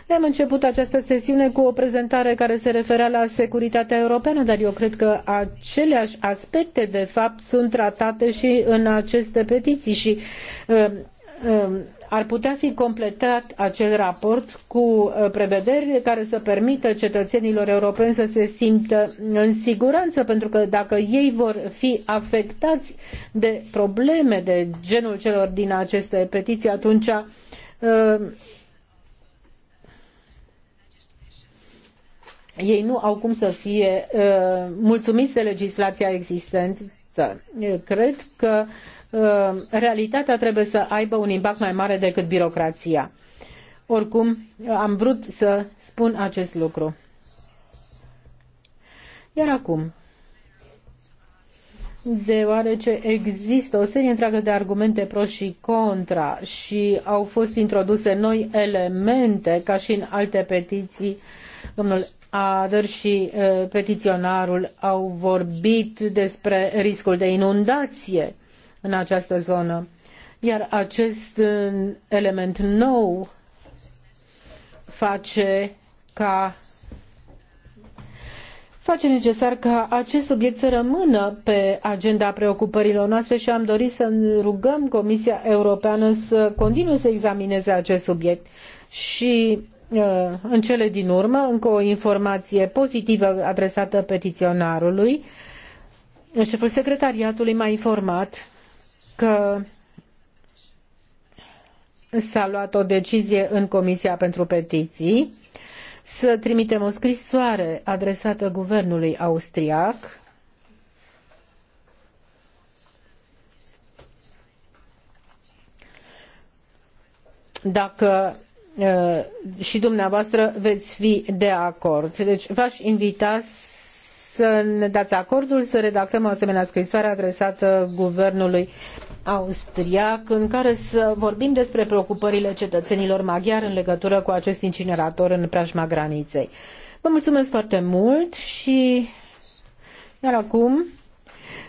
E: Ne-am început această sesiune cu o prezentare care se referea la securitatea europeană, dar eu cred că aceleași aspecte, de fapt, sunt tratate și în aceste petiții și uh, uh ar putea fi completat acel raport cu uh, prevederi care să permită cetățenilor europeni să se simtă în siguranță, pentru că dacă ei vor fi afectați de probleme de genul celor din aceste petiții, atunci uh, ei nu au cum să fie uh, mulțumiți de legislația existentă există. Cred că uh, realitatea trebuie să aibă un impact mai mare decât birocrația. Oricum, uh, am vrut să spun acest lucru. Iar acum, deoarece există o serie întreagă de argumente pro și contra și au fost introduse noi elemente, ca și în alte petiții, domnul Adăr și petiționarul au vorbit despre riscul de inundație în această zonă. Iar acest element nou face ca face necesar ca acest subiect să rămână pe agenda preocupărilor noastre și am dorit să rugăm Comisia Europeană să continue să examineze acest subiect și Uh, în cele din urmă încă o informație pozitivă adresată petiționarului. Șeful secretariatului m-a informat că s-a luat o decizie în Comisia pentru Petiții să trimitem o scrisoare adresată guvernului austriac dacă Uh, și dumneavoastră veți fi de acord. Deci v-aș invita să ne dați acordul să redactăm o asemenea scrisoare adresată guvernului austriac în care să vorbim despre preocupările cetățenilor maghiari în legătură cu acest incinerator în preajma graniței. Vă mulțumesc foarte mult și iar acum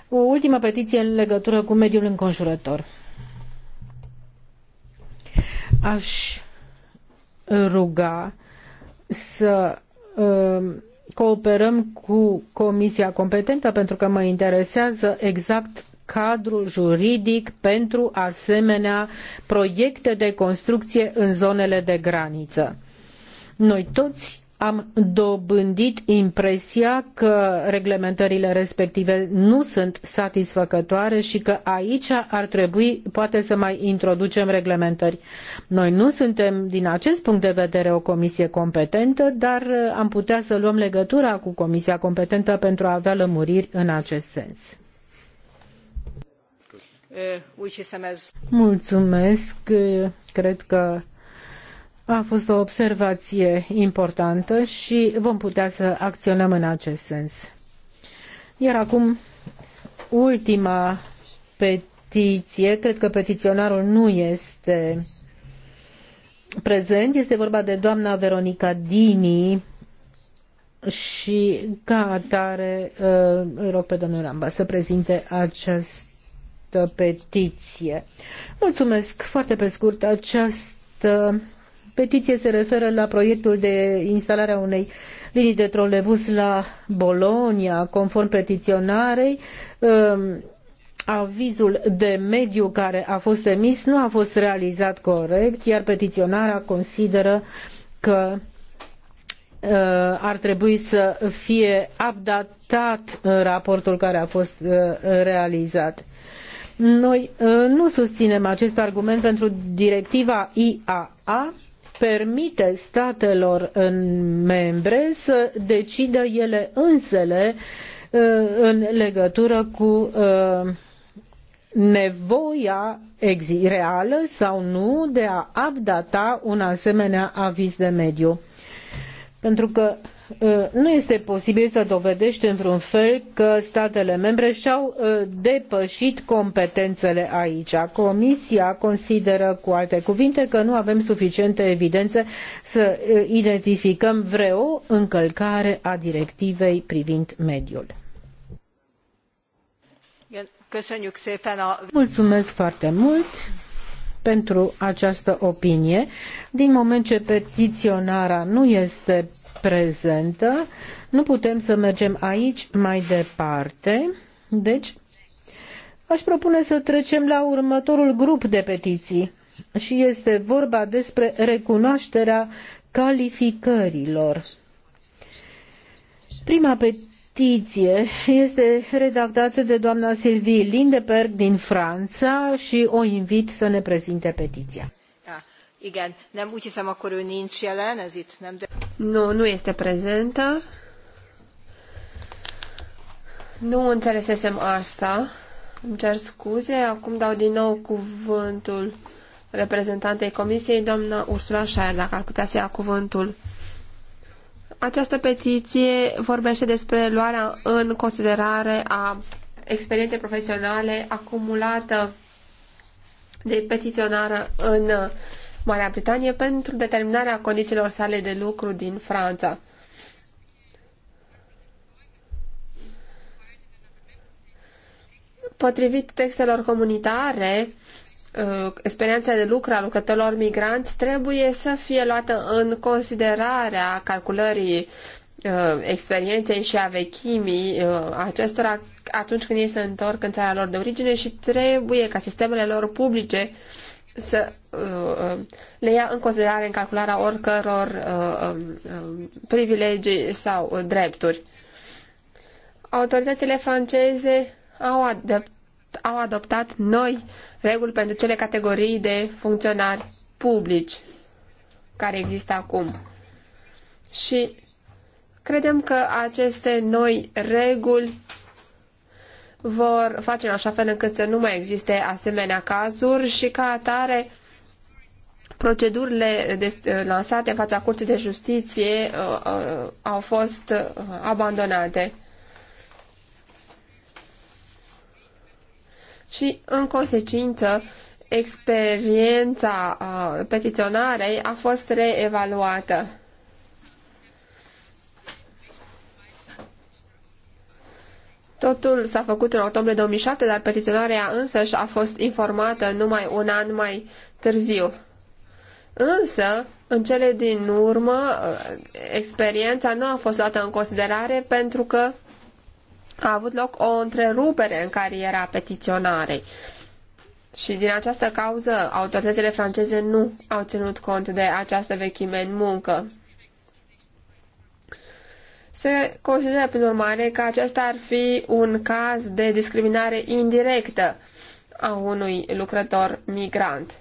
E: o ultimă petiție în legătură cu mediul înconjurător. Aș ruga să um, cooperăm cu comisia competentă pentru că mă interesează exact cadrul juridic pentru asemenea proiecte de construcție în zonele de graniță. Noi toți am dobândit impresia că reglementările respective nu sunt satisfăcătoare și că aici ar trebui poate să mai introducem reglementări. Noi nu suntem din acest punct de vedere o comisie competentă, dar am putea să luăm legătura cu comisia competentă pentru a avea lămuriri în acest sens.
B: Eh,
E: Mulțumesc. Cred că a fost o observație importantă și vom putea să acționăm în acest sens. Iar acum, ultima petiție, cred că petiționarul nu este prezent, este vorba de doamna Veronica Dini și ca atare uh, îi rog pe domnul Ramba să prezinte această petiție. Mulțumesc foarte pe scurt această petiție se referă la proiectul de instalare a unei linii de trolebus la Bologna, conform petiționarei. Um, avizul de mediu care a fost emis nu a fost realizat corect, iar petiționarea consideră că uh, ar trebui să fie updatat uh, raportul care a fost uh, realizat. Noi nu susținem acest argument pentru directiva IAA permite statelor membre să decidă ele însele uh, în legătură cu uh, nevoia reală sau nu de a updata un asemenea aviz de mediu. Pentru că Uh, nu este posibil să dovedești într-un fel că statele membre și-au uh, depășit competențele aici. Comisia consideră, cu alte cuvinte, că nu avem suficiente evidențe să uh, identificăm vreo încălcare a directivei privind mediul. Mulțumesc foarte mult! pentru această opinie. Din moment ce petiționara nu este prezentă, nu putem să mergem aici mai departe. Deci, aș propune să trecem la următorul grup de petiții și este vorba despre recunoașterea calificărilor. Prima petiție petiție este redactată de doamna Sylvie Lindeberg din Franța și o invit să ne prezinte petiția.
B: Igen, nem úgy hiszem, akkor ő nincs jelen, ez itt nem...
D: De... Nu, nu este prezentă. Nu înțelesesem asta. Îmi cer scuze. Acum dau din nou cuvântul reprezentantei comisiei, doamna Ursula Șaer, dacă ar putea să ia cuvântul. Această petiție vorbește despre luarea în considerare a experienței profesionale acumulată de petiționară în Marea Britanie pentru determinarea condițiilor sale de lucru din Franța. Potrivit textelor comunitare, Uh, experiența de lucru a lucrătorilor migranți trebuie să fie luată în considerare a calculării uh, experienței și a vechimii uh, acestora atunci când ei se întorc în țara lor de origine și trebuie ca sistemele lor publice să le ia în considerare în calcularea oricăror um, um, privilegii sau drepturi. Autoritățile franceze au adoptat au adoptat noi reguli pentru cele categorii de funcționari publici care există acum. Și credem că aceste noi reguli vor face în așa fel încât să nu mai existe asemenea cazuri și ca atare procedurile lansate în fața Curții de Justiție uh, uh, au fost uh, abandonate. și, în consecință, experiența uh, petiționarei a fost reevaluată. Totul s-a făcut în octombrie 2007, dar petiționarea însăși a fost informată numai un an mai târziu. Însă, în cele din urmă, experiența nu a fost luată în considerare pentru că a avut loc o întrerupere în cariera petiționarei. Și din această cauză, autoritățile franceze nu au ținut cont de această vechime în muncă. Se consideră, prin urmare, că acesta ar fi un caz de discriminare indirectă a unui lucrător migrant.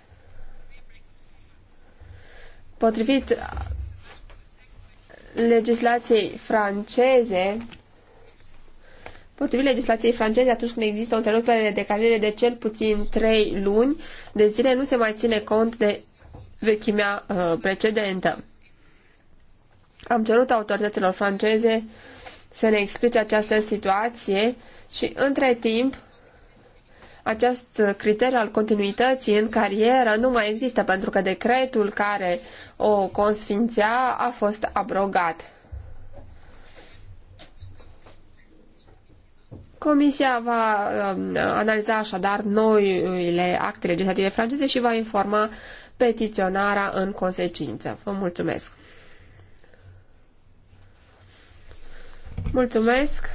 D: Potrivit legislației franceze, Potrivit legislației franceze, atunci când există o întrerupere de carieră de cel puțin 3 luni de zile, nu se mai ține cont de vechimea uh, precedentă. Am cerut autorităților franceze să ne explice această situație și, între timp, acest criteriu al continuității în carieră nu mai există pentru că decretul care o consfințea a fost abrogat. Comisia va um, analiza așadar noile acte legislative franceze și va informa petiționarea în consecință. Vă mulțumesc! Mulțumesc!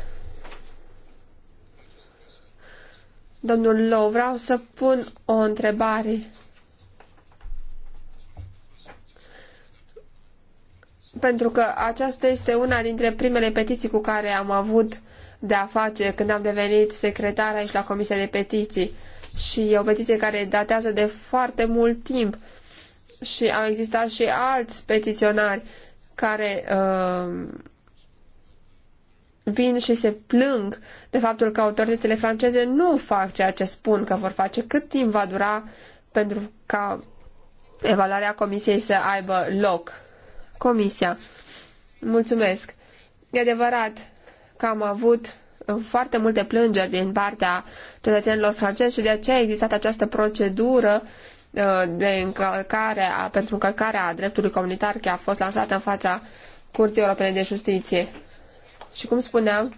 D: Domnul Lou, vreau să pun o întrebare pentru că aceasta este una dintre primele petiții cu care am avut de a face când am devenit secretar aici la Comisia de Petiții și e o petiție care datează de foarte mult timp și au existat și alți petiționari care uh, vin și se plâng de faptul că autoritățile franceze nu fac ceea ce spun că vor face, cât timp va dura pentru ca evaluarea comisiei să aibă loc. Comisia. Mulțumesc. E adevărat că am avut uh, foarte multe plângeri din partea cetățenilor francezi și de aceea a existat această procedură uh, de încălcare a, pentru încălcarea dreptului comunitar care a fost lansată în fața Curții Europene de Justiție. Și cum spuneam,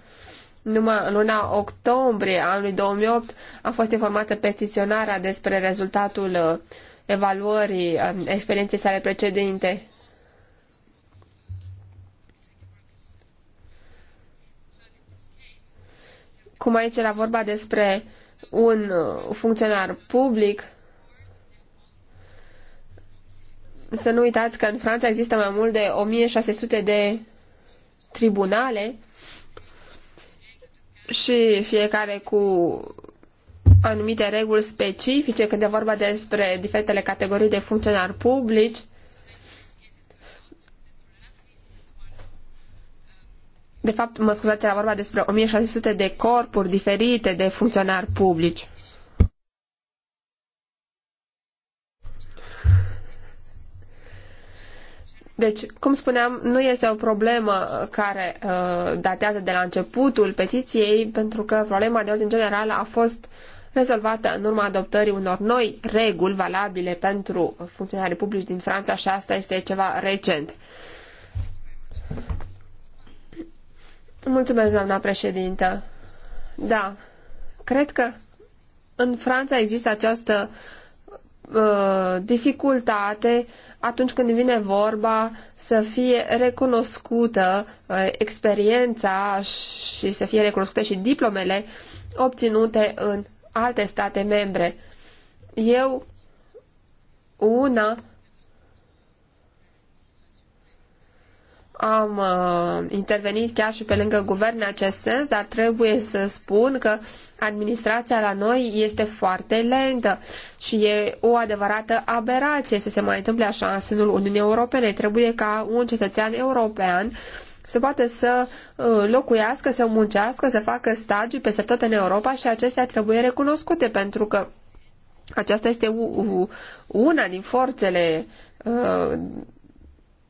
D: numai în luna octombrie anului 2008 a fost informată petiționarea despre rezultatul uh, evaluării experienței sale precedente cum aici era vorba despre un uh, funcționar public. Să nu uitați că în Franța există mai mult de 1600 de tribunale și fiecare cu anumite reguli specifice când e vorba despre diferitele categorii de funcționari publici. De fapt, mă scuzați, era vorba despre 1600 de corpuri diferite de funcționari publici. Deci, cum spuneam, nu este o problemă care uh, datează de la începutul petiției, pentru că problema de ordin general a fost rezolvată în urma adoptării unor noi reguli valabile pentru funcționarii publici din Franța și asta este ceva recent. Mulțumesc, doamna președintă. Da, cred că în Franța există această uh, dificultate atunci când vine vorba să fie recunoscută uh, experiența și să fie recunoscute și diplomele obținute în alte state membre. Eu, una, Am uh, intervenit chiar și pe lângă guvern în acest sens, dar trebuie să spun că administrația la noi este foarte lentă și e o adevărată aberație să se mai întâmple așa în sânul Uniunii Europene. Trebuie ca un cetățean european să poată să uh, locuiască, să muncească, să facă stagii peste tot în Europa și acestea trebuie recunoscute pentru că aceasta este una din forțele uh,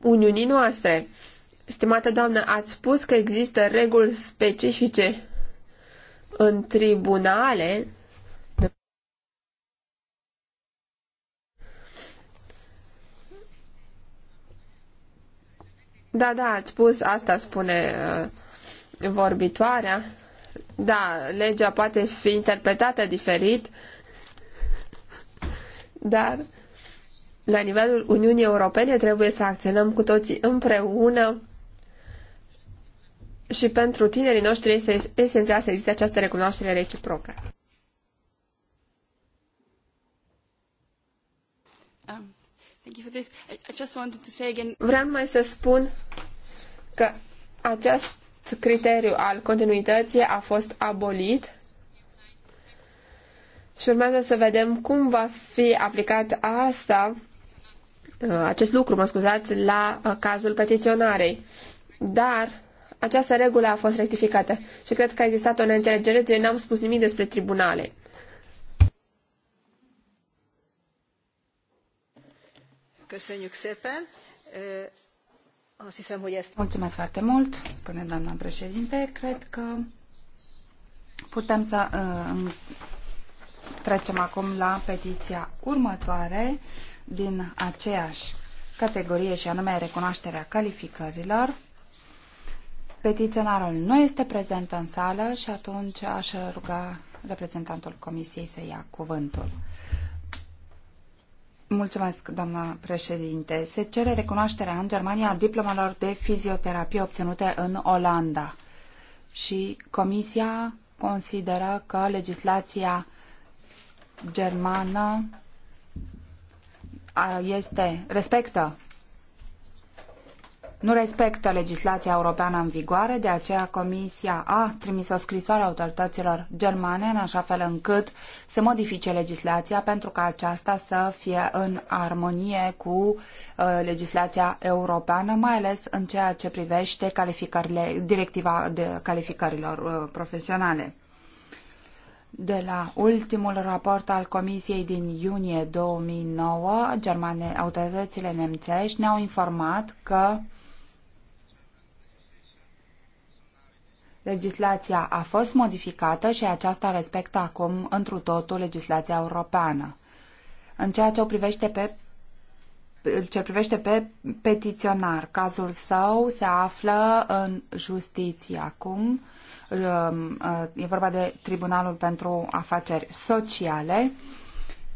D: Uniunii noastre. Stimată doamnă, ați spus că există reguli specifice în tribunale Da, da, ați spus, asta spune uh, vorbitoarea. Da, legea poate fi interpretată diferit, dar la nivelul Uniunii Europene trebuie să acționăm cu toții împreună și pentru tinerii noștri este esențial să existe această recunoaștere reciprocă.
C: Um, Vreau
D: mai să spun că acest criteriu al continuității a fost abolit și urmează să vedem cum va fi aplicat asta, uh, acest lucru, mă scuzați, la uh, cazul petiționarei. Dar această regulă a fost rectificată și cred că a existat o neînțelegere, deci n-am spus nimic despre tribunale.
C: Mulțumesc foarte mult, spune doamna președinte. Cred că putem să trecem acum la petiția următoare din aceeași categorie și anume recunoașterea calificărilor. Petiționarul nu este prezent în sală și atunci aș ruga reprezentantul Comisiei să ia cuvântul. Mulțumesc, doamna președinte. Se cere recunoașterea în Germania a diplomelor de fizioterapie obținute în Olanda. Și Comisia consideră că legislația germană este, respectă nu respectă legislația europeană în vigoare, de aceea Comisia a trimis o scrisoare autorităților germane în așa fel încât să modifice legislația pentru ca aceasta să fie în armonie cu uh, legislația europeană, mai ales în ceea ce privește calificările, directiva de calificărilor uh, profesionale. De la ultimul raport al Comisiei din iunie 2009, germane, autoritățile nemțești ne-au informat că legislația a fost modificată și aceasta respectă acum întru totul legislația europeană. În ceea ce o privește pe ce privește pe petiționar, cazul său se află în justiție acum. Um, uh, e vorba de Tribunalul pentru Afaceri Sociale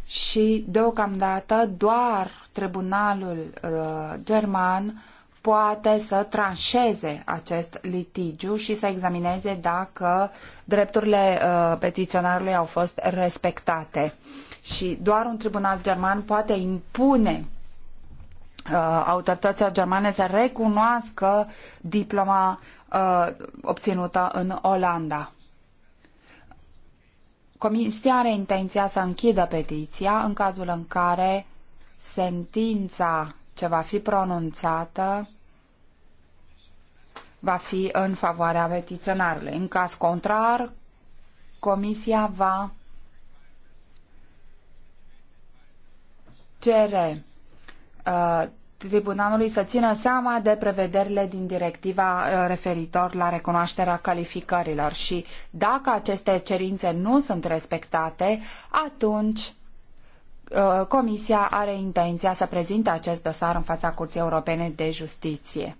C: și deocamdată doar Tribunalul uh, German poate să tranșeze acest litigiu și să examineze dacă drepturile uh, petiționarului au fost respectate. Și doar un tribunal german poate impune uh, autorităților germane să recunoască diploma uh, obținută în Olanda. Comisia are intenția să închidă petiția în cazul în care sentința ce va fi pronunțată va fi în favoarea petiționarului. În caz contrar, Comisia va cere uh, tribunalului să țină seama de prevederile din directiva uh, referitor la recunoașterea calificărilor și dacă aceste cerințe nu sunt respectate, atunci Uh, Comisia are intenția să prezinte acest dosar în fața Curții Europene de Justiție.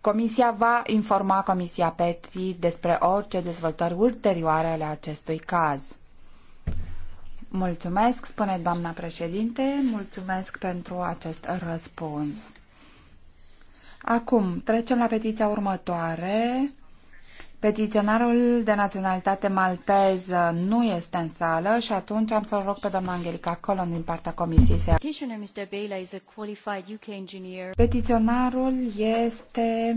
C: Comisia va informa Comisia Petri despre orice dezvoltări ulterioare ale acestui caz. Mulțumesc, spune doamna președinte, mulțumesc pentru acest răspuns. Acum, trecem la petiția următoare, Petiționarul de naționalitate malteză nu este în sală și atunci am să-l rog pe doamna Angelica Colon din partea comisiei să Petiționarul este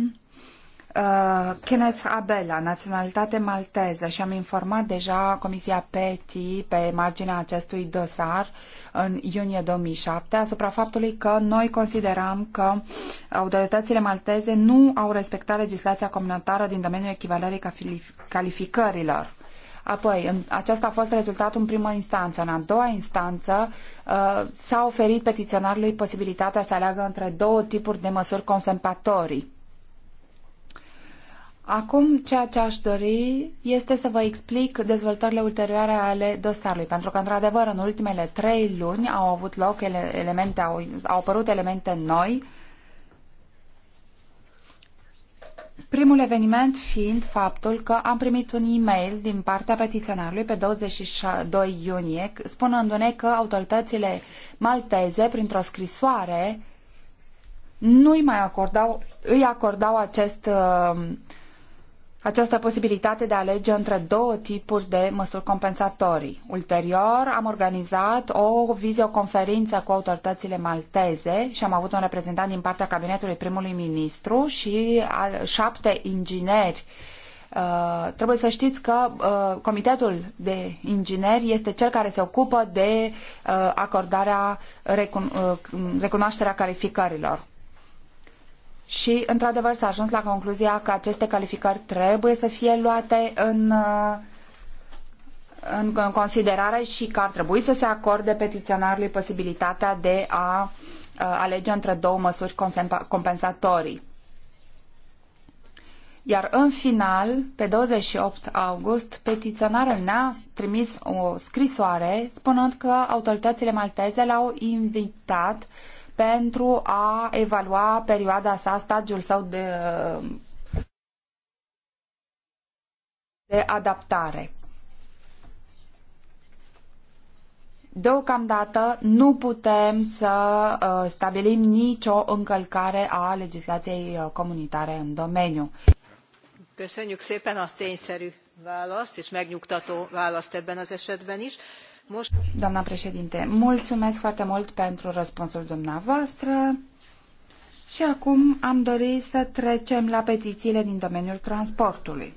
C: Uh, Kenneth Abela, naționalitate malteză și am informat deja Comisia PETI pe marginea acestui dosar în iunie 2007 asupra faptului că noi considerăm că autoritățile malteze nu au respectat legislația comunitară din domeniul echivalării calificărilor. Apoi, aceasta a fost rezultatul în primă instanță. În a doua instanță uh, s-a oferit petiționarului posibilitatea să aleagă între două tipuri de măsuri consempatorii. Acum, ceea ce aș dori este să vă explic dezvoltările ulterioare ale dosarului, pentru că, într-adevăr, în ultimele trei luni au avut loc ele, elemente, au, au apărut elemente noi. Primul eveniment fiind faptul că am primit un e-mail din partea petiționarului pe 22 iunie, spunându-ne că autoritățile malteze, printr-o scrisoare, nu îi mai acordau, îi acordau acest uh, această posibilitate de a alege între două tipuri de măsuri compensatorii. Ulterior, am organizat o videoconferință cu autoritățile malteze și am avut un reprezentant din partea cabinetului primului ministru și șapte ingineri Uh, trebuie să știți că uh, Comitetul de Ingineri este cel care se ocupă de uh, acordarea, recuno- uh, recunoașterea calificărilor și, într-adevăr, s-a ajuns la concluzia că aceste calificări trebuie să fie luate în, uh, în, în considerare și că ar trebui să se acorde petiționarului posibilitatea de a, a uh, alege între două măsuri compensatorii. Iar în final, pe 28 august, petiționarul ne-a trimis o scrisoare spunând că autoritățile malteze l-au invitat uh, pentru a evalua perioada sa, stadiul sau de, de adaptare. Deocamdată nu putem să uh, stabilim nicio încălcare a legislației uh, comunitare în domeniu.
B: Köszönjük szépen a tényszerű választ és megnyugtató választ ebben az esetben is.
C: Doamna președinte, mulțumesc foarte mult pentru răspunsul dumneavoastră. Și acum am dori să trecem la petițiile din domeniul transportului.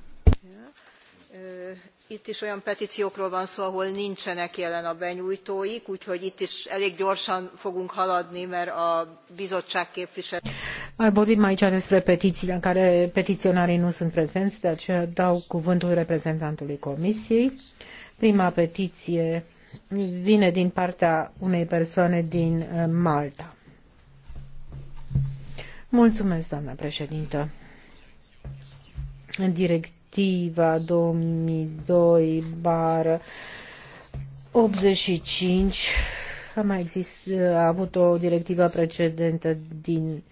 B: Itt is olyan petíciókról van szó, ahol nincsenek jelen a benyújtóik, úgyhogy itt is elég gyorsan fogunk haladni, mert a bizottság képviselő.
E: Mai vorbim aici despre petițiile în care petiționarii nu sunt prezenți, de aceea dau cuvântul reprezentantului Comisiei. Prima petiție vine din partea unei persoane din uh, Malta. Mulțumesc, doamna președintă. Directiva 2002 bară 85 a mai exist, uh, a avut o directivă precedentă din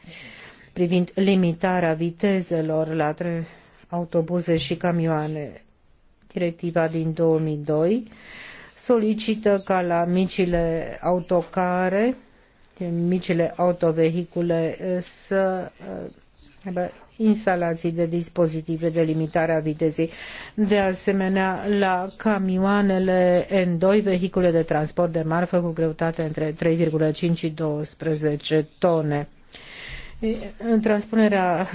E: privind limitarea vitezelor la autobuze și camioane. Directiva din 2002 solicită ca la micile autocare, micile autovehicule să instalații de dispozitive de limitare a vitezei. De asemenea, la camioanele N2, vehicule de transport de marfă cu greutate între 3,5 și 12 tone. În transpunerea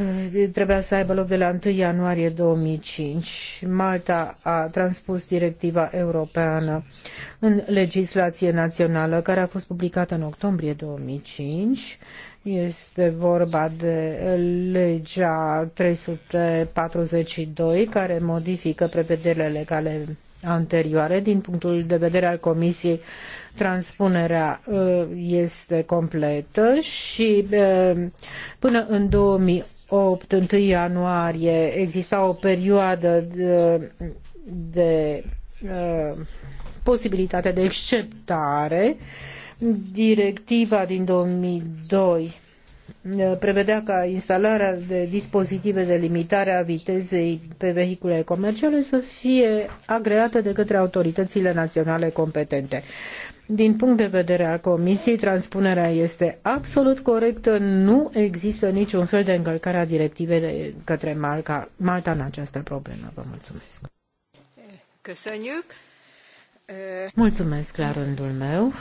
E: trebuia să aibă loc de la 1 ianuarie 2005. Malta a transpus directiva europeană în legislație națională care a fost publicată în octombrie 2005. Este vorba de legea 342 care modifică prevederile legale anterioare. Din punctul de vedere al Comisiei, transpunerea uh, este completă și uh, până în 2008, 1 ianuarie, exista o perioadă de, de uh, posibilitate de exceptare. Directiva din 2002 prevedea ca instalarea de dispozitive de limitare a vitezei pe vehiculele comerciale să fie agreată de către autoritățile naționale competente. Din punct de vedere al Comisiei, transpunerea este absolut corectă, nu există niciun fel de încălcare a directivei de către Malta, Malta în această problemă. Vă mulțumesc.
B: Căsăniuc. Mulțumesc
E: la rândul meu.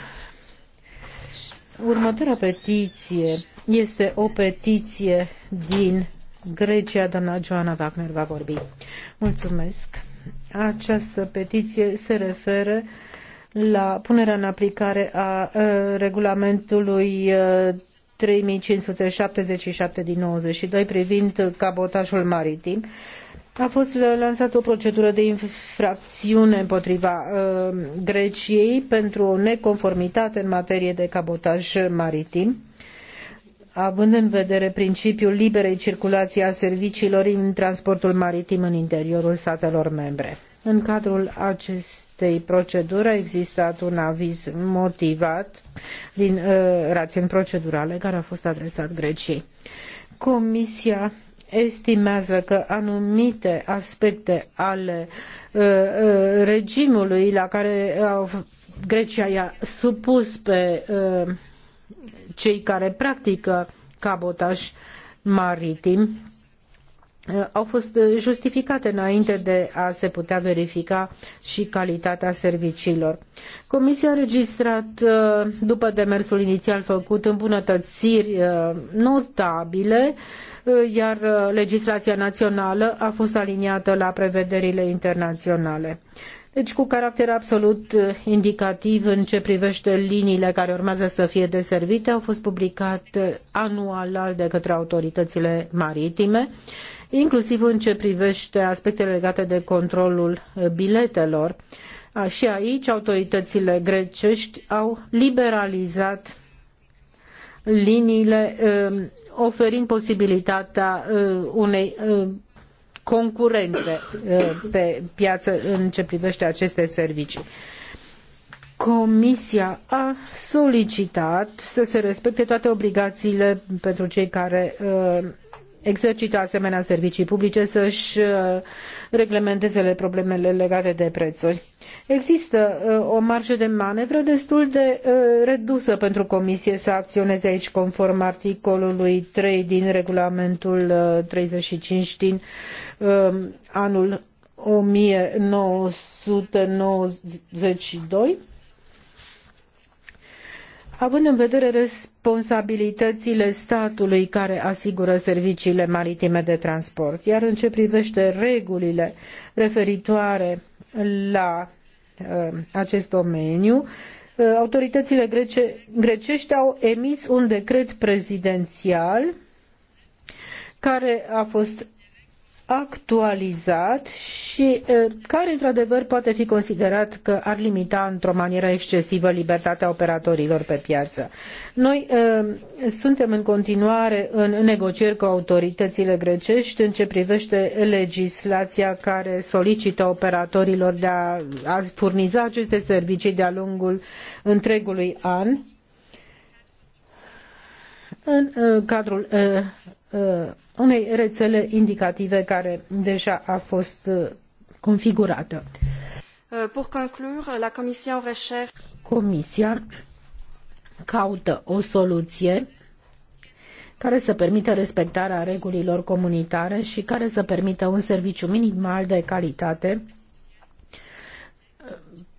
E: Următoarea petiție este o petiție din Grecia. Doamna Joana Wagner va vorbi. Mulțumesc. Această petiție se referă la punerea în aplicare a regulamentului 3577 din 92 privind cabotajul maritim. A fost lansată o procedură de infracțiune împotriva uh, Greciei pentru o neconformitate în materie de cabotaj maritim având în vedere principiul liberei circulații a serviciilor în transportul maritim în interiorul statelor membre. În cadrul acestei proceduri a existat un aviz motivat din uh, rațiuni procedurale care a fost adresat Greciei. Comisia estimează că anumite aspecte ale uh, uh, regimului la care Grecia i-a supus pe uh, cei care practică cabotaj maritim uh, au fost uh, justificate înainte de a se putea verifica și calitatea serviciilor. Comisia a registrat, uh, după demersul inițial făcut, îmbunătățiri notabile, iar legislația națională a fost aliniată la prevederile internaționale deci cu caracter absolut uh, indicativ în ce privește liniile care urmează să fie deservite au fost publicate uh, anual de către autoritățile maritime, inclusiv în ce privește aspectele legate de controlul uh, biletelor. Și aici autoritățile grecești au liberalizat liniile um, oferind posibilitatea unei concurențe uh, pe piață în ce privește aceste servicii. Comisia a solicitat să se respecte toate obligațiile pentru cei care uh, exercită asemenea servicii publice să-și uh, reglementeze problemele legate de prețuri. Există uh, o marjă de manevră destul de uh, redusă pentru Comisie să acționeze aici conform articolului 3 din regulamentul 35 din anul 1992 având în vedere respectarea responsabilitățile statului care asigură serviciile maritime de transport. Iar în ce privește regulile referitoare la uh, acest domeniu, uh, autoritățile grece, grecești au emis un decret prezidențial care a fost actualizat și care, într-adevăr, poate fi considerat că ar limita într-o manieră excesivă libertatea operatorilor pe piață. Noi suntem în continuare în negocieri cu autoritățile grecești în ce privește legislația care solicită operatorilor de a, a furniza aceste servicii de-a lungul întregului an în cadrul Uh, unei rețele indicative care deja a fost uh, configurată.
D: Uh, pour conclure, la Comisia recherche...
E: Comisia caută o soluție care să permită respectarea regulilor comunitare și care să permită un serviciu minimal de calitate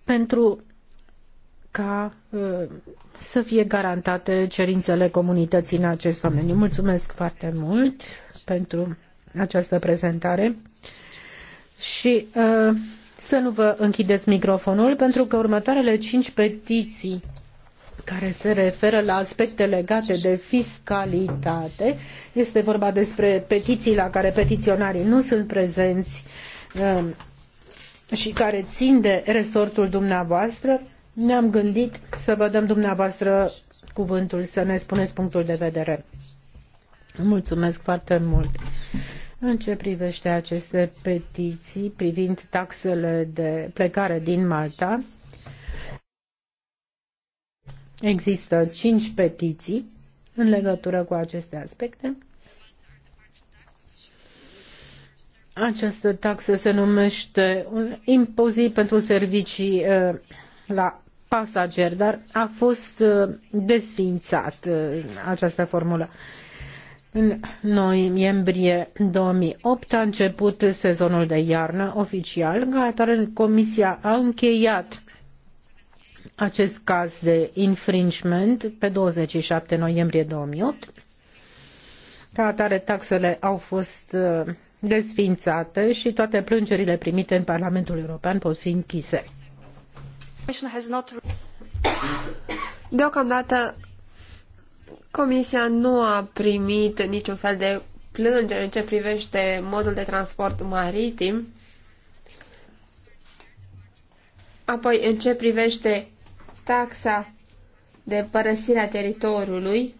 E: pentru ca uh, să fie garantate cerințele comunității în acest domeniu. Mulțumesc foarte mult pentru această prezentare și uh, să nu vă închideți microfonul pentru că următoarele cinci petiții care se referă la aspecte legate de fiscalitate. Este vorba despre petiții la care petiționarii nu sunt prezenți uh, și care țin de resortul dumneavoastră ne-am gândit să vă dăm dumneavoastră cuvântul, să ne spuneți punctul de vedere. Mulțumesc foarte mult. În ce privește aceste petiții privind taxele de plecare din Malta, există cinci petiții în legătură cu aceste aspecte. Această taxă se numește un impozit pentru servicii uh, la pasager, dar a fost uh, desfințat uh, această formulă. În noiembrie 2008 a început sezonul de iarnă oficial, ca atare Comisia a încheiat acest caz de infringement pe 27 noiembrie 2008. Ca atare, taxele au fost uh, desfințate și toate plângerile primite în Parlamentul European
D: pot fi închise. Deocamdată, Comisia nu a primit niciun fel de plângere în ce privește modul de transport maritim. Apoi, în ce privește taxa de părăsire a teritoriului,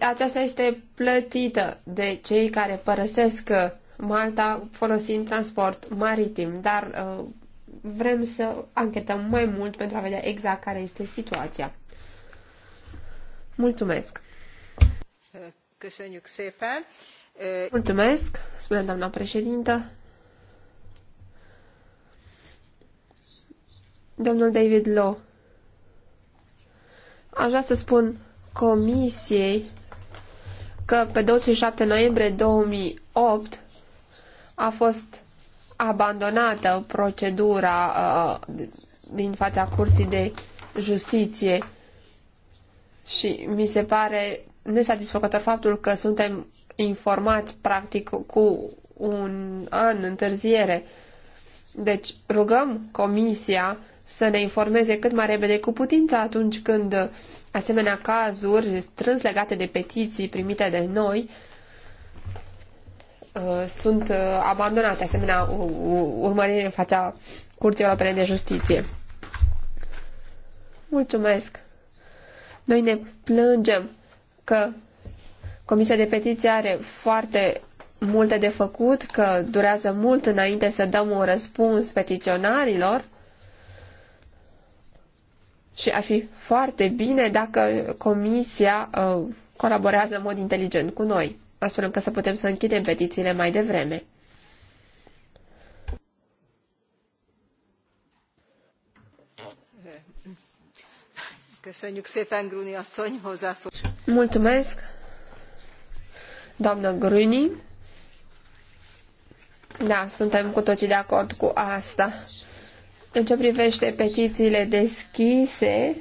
D: aceasta este plătită de cei care părăsesc Malta folosind transport maritim, dar uh, vrem să anchetăm mai mult pentru a vedea exact care este situația. Mulțumesc!
B: Mulțumesc,
D: spune doamna președintă. Domnul David Law, aș vrea să spun comisiei că pe 27 noiembrie 2008 a fost abandonată procedura uh, din fața Curții de Justiție și mi se pare nesatisfăcător faptul că suntem informați practic cu un an întârziere. Deci rugăm Comisia să ne informeze cât mai repede cu putință atunci când asemenea cazuri strâns legate de petiții primite de noi Uh, sunt uh, abandonate asemenea urmăriri în fața Curții Europene de Justiție. Mulțumesc! Noi ne plângem că Comisia de Petiție are foarte multe de făcut, că durează mult înainte să dăm un răspuns petiționarilor și ar fi foarte bine dacă Comisia uh, colaborează în mod inteligent cu noi astfel încât să putem să închidem petițiile mai devreme. Gruni Mulțumesc, doamnă Gruni. Da, suntem cu toții de acord cu asta. În ce privește petițiile deschise,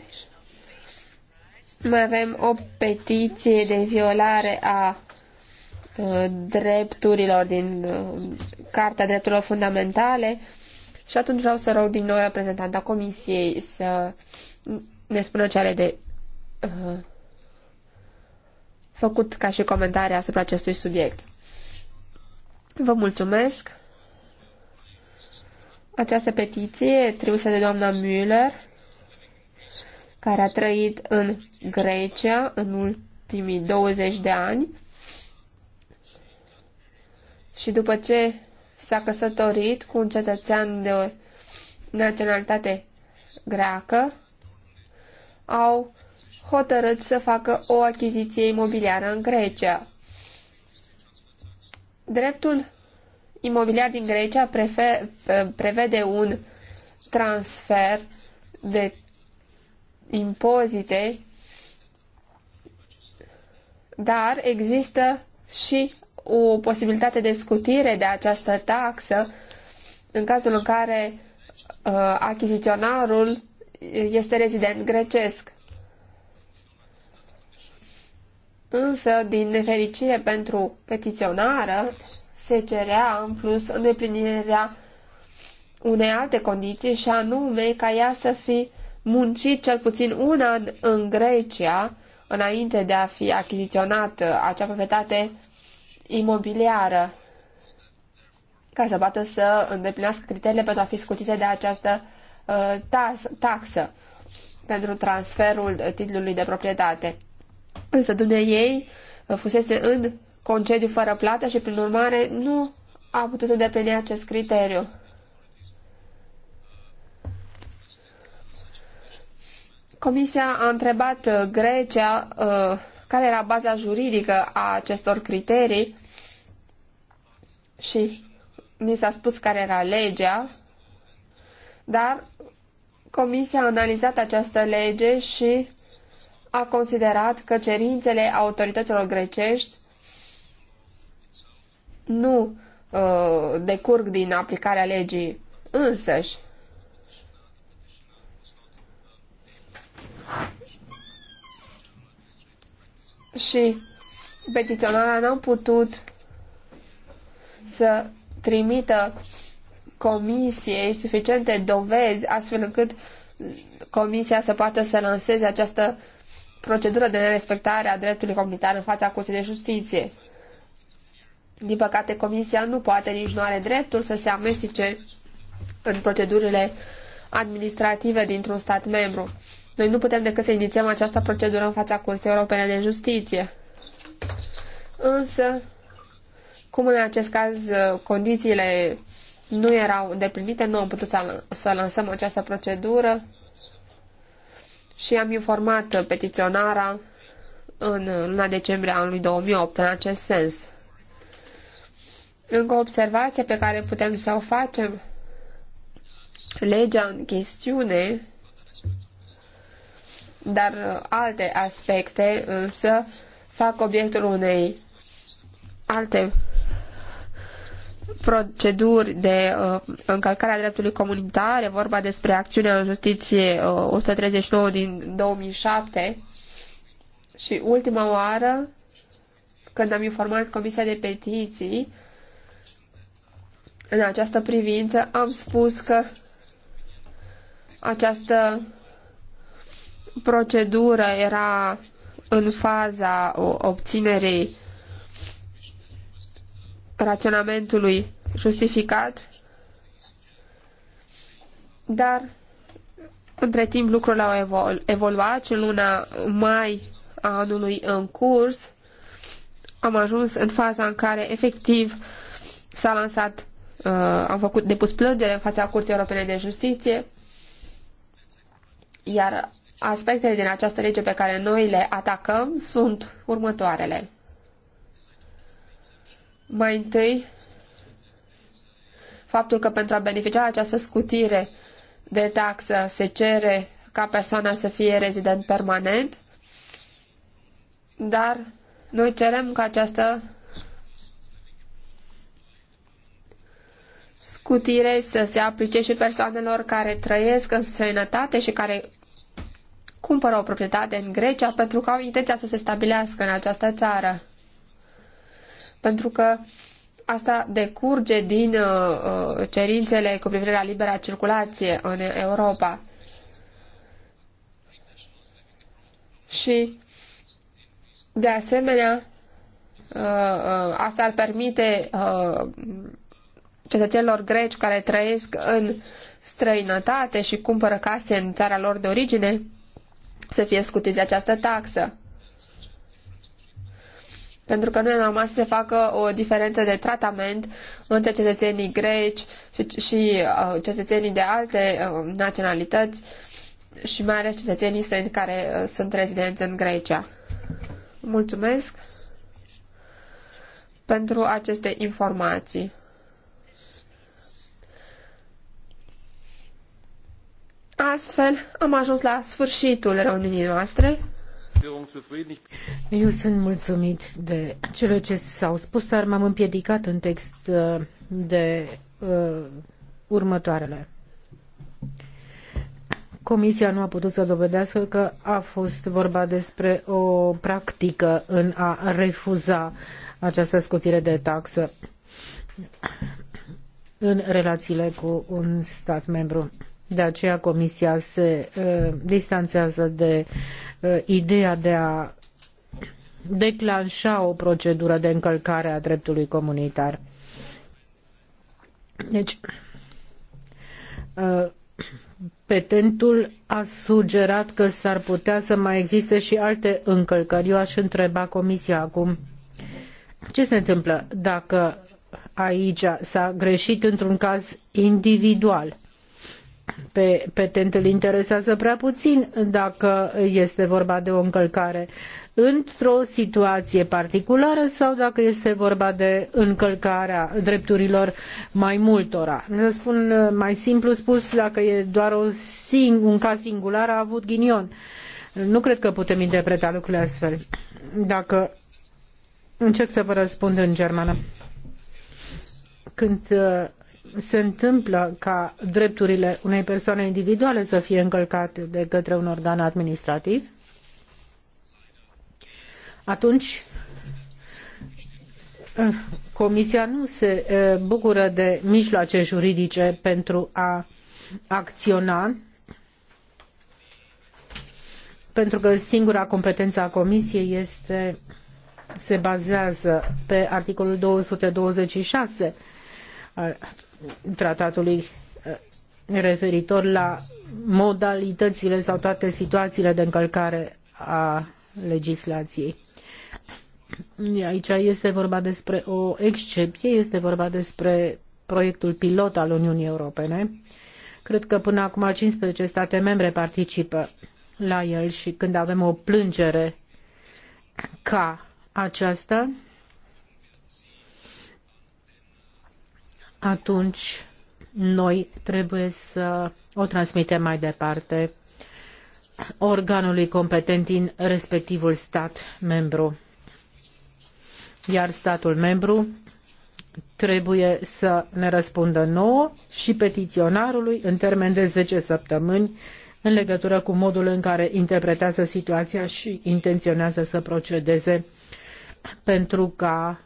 D: mai avem o petiție de violare a Uh, drepturilor, din uh, Carta Drepturilor Fundamentale și atunci vreau să rog din nou reprezentanta Comisiei să ne spună ce are de uh, făcut ca și comentarii asupra acestui subiect. Vă mulțumesc! Această petiție trimisă de doamna Müller, care a trăit în Grecia în ultimii 20 de ani, și după ce s-a căsătorit cu un cetățean de naționalitate greacă, au hotărât să facă o achiziție imobiliară în Grecia. Dreptul imobiliar din Grecia prevede un transfer de impozite, dar există și o posibilitate de scutire de această taxă în cazul în care uh, achiziționarul este rezident grecesc. Însă, din nefericire pentru petiționară, se cerea în plus îndeplinirea unei alte condiții și anume ca ea să fi muncit cel puțin un an în Grecia înainte de a fi achiziționat uh, acea proprietate imobiliară ca să poată să îndeplinească criteriile pentru a fi scutite de această uh, taxă pentru transferul titlului de proprietate. Însă ei uh, fusese în concediu fără plată și, prin urmare, nu a putut îndeplini acest criteriu. Comisia a întrebat uh, Grecia uh, care era baza juridică a acestor criterii și ni s-a spus care era legea, dar Comisia a analizat această lege și a considerat că cerințele autorităților grecești nu uh, decurg din aplicarea legii însăși. și petiționarea n-au putut să trimită comisiei suficiente dovezi astfel încât comisia să poată să lanseze această procedură de nerespectare a dreptului comunitar în fața Curții de Justiție. Din păcate, comisia nu poate, nici nu are dreptul să se amestece în procedurile administrative dintr-un stat membru. Noi nu putem decât să inițiem această procedură în fața Curții Europene de Justiție. Însă, cum în acest caz uh, condițiile nu erau îndeplinite, nu am putut să, să lansăm această procedură și am informat petiționara în luna decembrie anului 2008 în acest sens. Încă o observație pe care putem să o facem, legea în chestiune dar uh, alte aspecte însă uh, fac obiectul unei alte proceduri de uh, încălcare a dreptului comunitar, vorba despre acțiunea în justiție uh, 139 din 2007 și ultima oară când am informat Comisia de Petiții în această privință, am spus că această procedură era în faza obținerii raționamentului justificat, dar între timp lucrurile au evoluat și luna mai a anului în curs am ajuns în faza în care efectiv s-a lansat, uh, am făcut depus plângere în fața Curții Europene de Justiție, iar Aspectele din această lege pe care noi le atacăm sunt următoarele. Mai întâi, faptul că pentru a beneficia această scutire de taxă se cere ca persoana să fie rezident permanent, dar noi cerem ca această scutire să se aplice și persoanelor care trăiesc în străinătate și care cumpără o proprietate în Grecia pentru că au intenția să se stabilească în această țară. Pentru că asta decurge din uh, uh cerințele cu privire la libera circulație în Europa. Și, de asemenea, uh, uh, asta ar permite uh, cetățenilor greci care trăiesc în străinătate și cumpără case în țara lor de origine să fie scutiți de această taxă. Pentru că nu e normal să se facă o diferență de tratament între cetățenii greci și, și uh, cetățenii de alte uh, naționalități și mai ales cetățenii străini care uh, sunt rezidenți în Grecia. Mulțumesc! pentru aceste informații. Astfel, am ajuns la sfârșitul reuniunii noastre. Eu sunt mulțumit de cele ce s-au spus,
E: dar m-am împiedicat în text uh, de uh, următoarele. Comisia nu a putut să dovedească că a fost vorba despre o practică în a refuza această scutire de taxă în relațiile cu un stat membru. De aceea Comisia se uh, distanțează de uh, ideea de a declanșa o procedură de încălcare a dreptului comunitar. Deci, uh, petentul a sugerat că s-ar putea să mai existe și alte încălcări. Eu aș întreba Comisia acum ce se întâmplă dacă aici s-a greșit într-un caz individual pe petent îl interesează prea puțin dacă este vorba de o încălcare într-o situație particulară sau dacă este vorba de încălcarea drepturilor mai multora. Să spun mai simplu spus, dacă e doar o sing- un caz singular, a avut ghinion. Nu cred că putem interpreta lucrurile astfel. Dacă încerc să vă răspund în germană. Când se întâmplă ca drepturile unei persoane individuale să fie încălcate de către un organ administrativ, atunci eh, Comisia nu se eh, bucură de mijloace juridice pentru a acționa, pentru că singura competență a Comisiei este, se bazează pe articolul 226 tratatului eh, referitor la modalitățile sau toate situațiile de încălcare a legislației. Aici este vorba despre o excepție, este vorba despre proiectul pilot al Uniunii Europene. Cred că până acum 15 state membre participă la el și când avem o plângere ca aceasta, atunci noi trebuie să o transmitem mai departe organului competent din respectivul stat membru. Iar statul membru trebuie să ne răspundă nouă și petiționarului în termen de 10 săptămâni în legătură cu modul în care interpretează situația și intenționează să procedeze pentru ca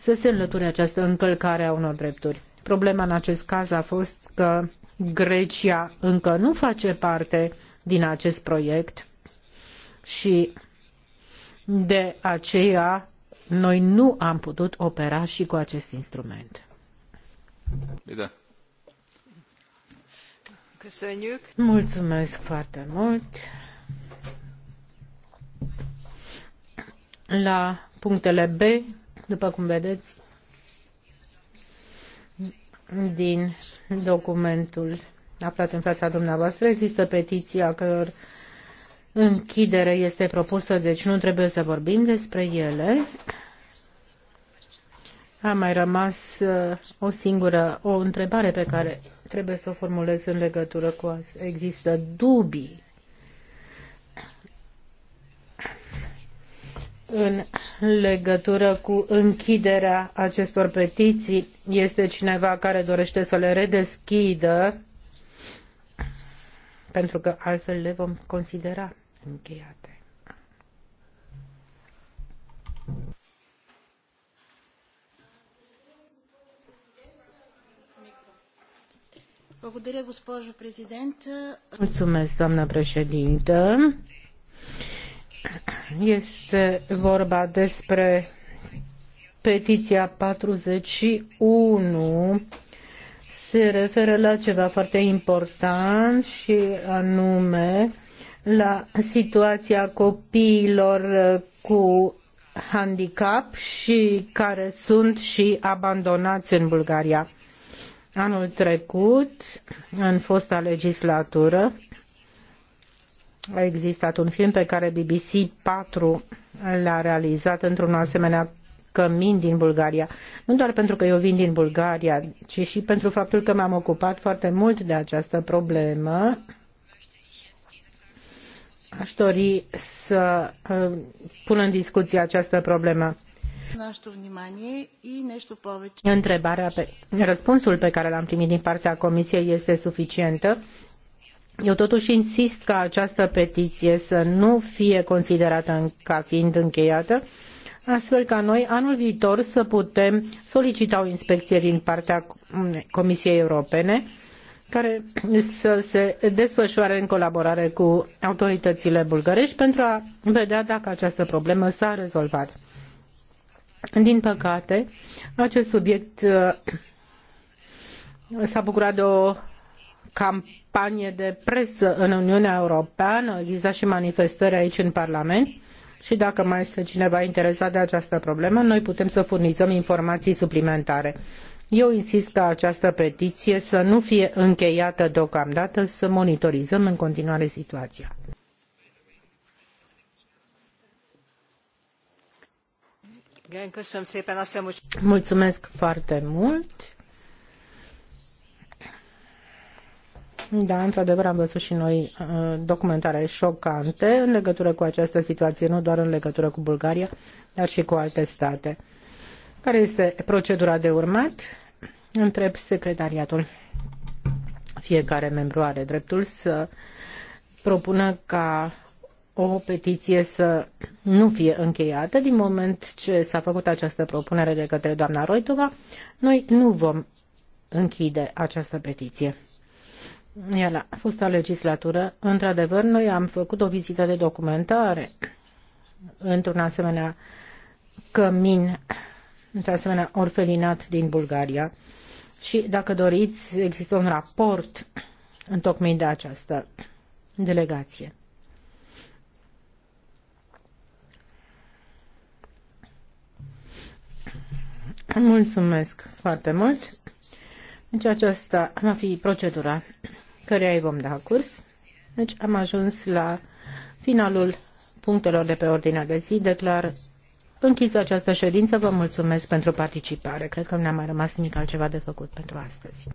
E: să se înlăture această încălcare a unor drepturi. Problema în acest caz a fost că Grecia încă nu face parte din acest proiect și de aceea noi nu am putut opera și cu acest instrument. Bine. Mulțumesc foarte mult. La punctele B după cum vedeți din documentul aflat în fața dumneavoastră, există petiția căror închidere este propusă, deci nu trebuie să vorbim despre ele. A mai rămas uh, o singură, o întrebare pe care trebuie să o formulez în legătură cu asta. Există dubii în legătură cu închiderea acestor petiții. Este cineva care dorește să le redeschidă, pentru că altfel le vom considera încheiate. Mulțumesc, doamnă președintă. Este vorba despre petiția 41 se referă la ceva foarte important și anume la situația copiilor cu handicap și care sunt și abandonați în Bulgaria. Anul trecut, în fosta legislatură, a existat un film pe care BBC 4 l-a realizat într-un asemenea cămin din Bulgaria. Nu doar pentru că eu vin din Bulgaria, ci și pentru faptul că m-am ocupat foarte mult de această problemă. Aș dori să uh, pun în discuție această problemă. Întrebarea pe, răspunsul pe care l-am primit din partea Comisiei este suficientă eu totuși insist ca această petiție să nu fie considerată ca fiind încheiată, astfel ca noi anul viitor să putem solicita o inspecție din partea Comisiei Europene care să se desfășoare în colaborare cu autoritățile bulgărești pentru a vedea dacă această problemă s-a rezolvat. Din păcate, acest subiect uh, s-a bucurat de o campanie de presă în Uniunea Europeană, există și manifestări aici în Parlament și dacă mai este cineva interesat de această problemă, noi putem să furnizăm informații suplimentare. Eu insist ca această petiție să nu fie încheiată deocamdată, să monitorizăm în continuare situația. Mulțumesc foarte mult. Da, într-adevăr am văzut și noi uh, documentare șocante în legătură cu această situație, nu doar în legătură cu Bulgaria, dar și cu alte state. Care este procedura de urmat? Întreb secretariatul. Fiecare membru are dreptul să propună ca o petiție să nu fie încheiată. Din moment ce s-a făcut această propunere de către doamna Roitova, noi nu vom închide această petiție la fosta legislatură, într-adevăr, noi am făcut o vizită de documentare într-un asemenea cămin, într-un asemenea orfelinat din Bulgaria. Și, dacă doriți, există un raport în tocmai de această delegație. Mulțumesc foarte mult. Deci aceasta va fi procedura căreia îi vom da curs. Deci am ajuns la finalul punctelor de pe ordinea de zi. Declar închisă această ședință. Vă mulțumesc pentru participare. Cred că nu ne-a mai rămas nimic altceva de făcut pentru astăzi.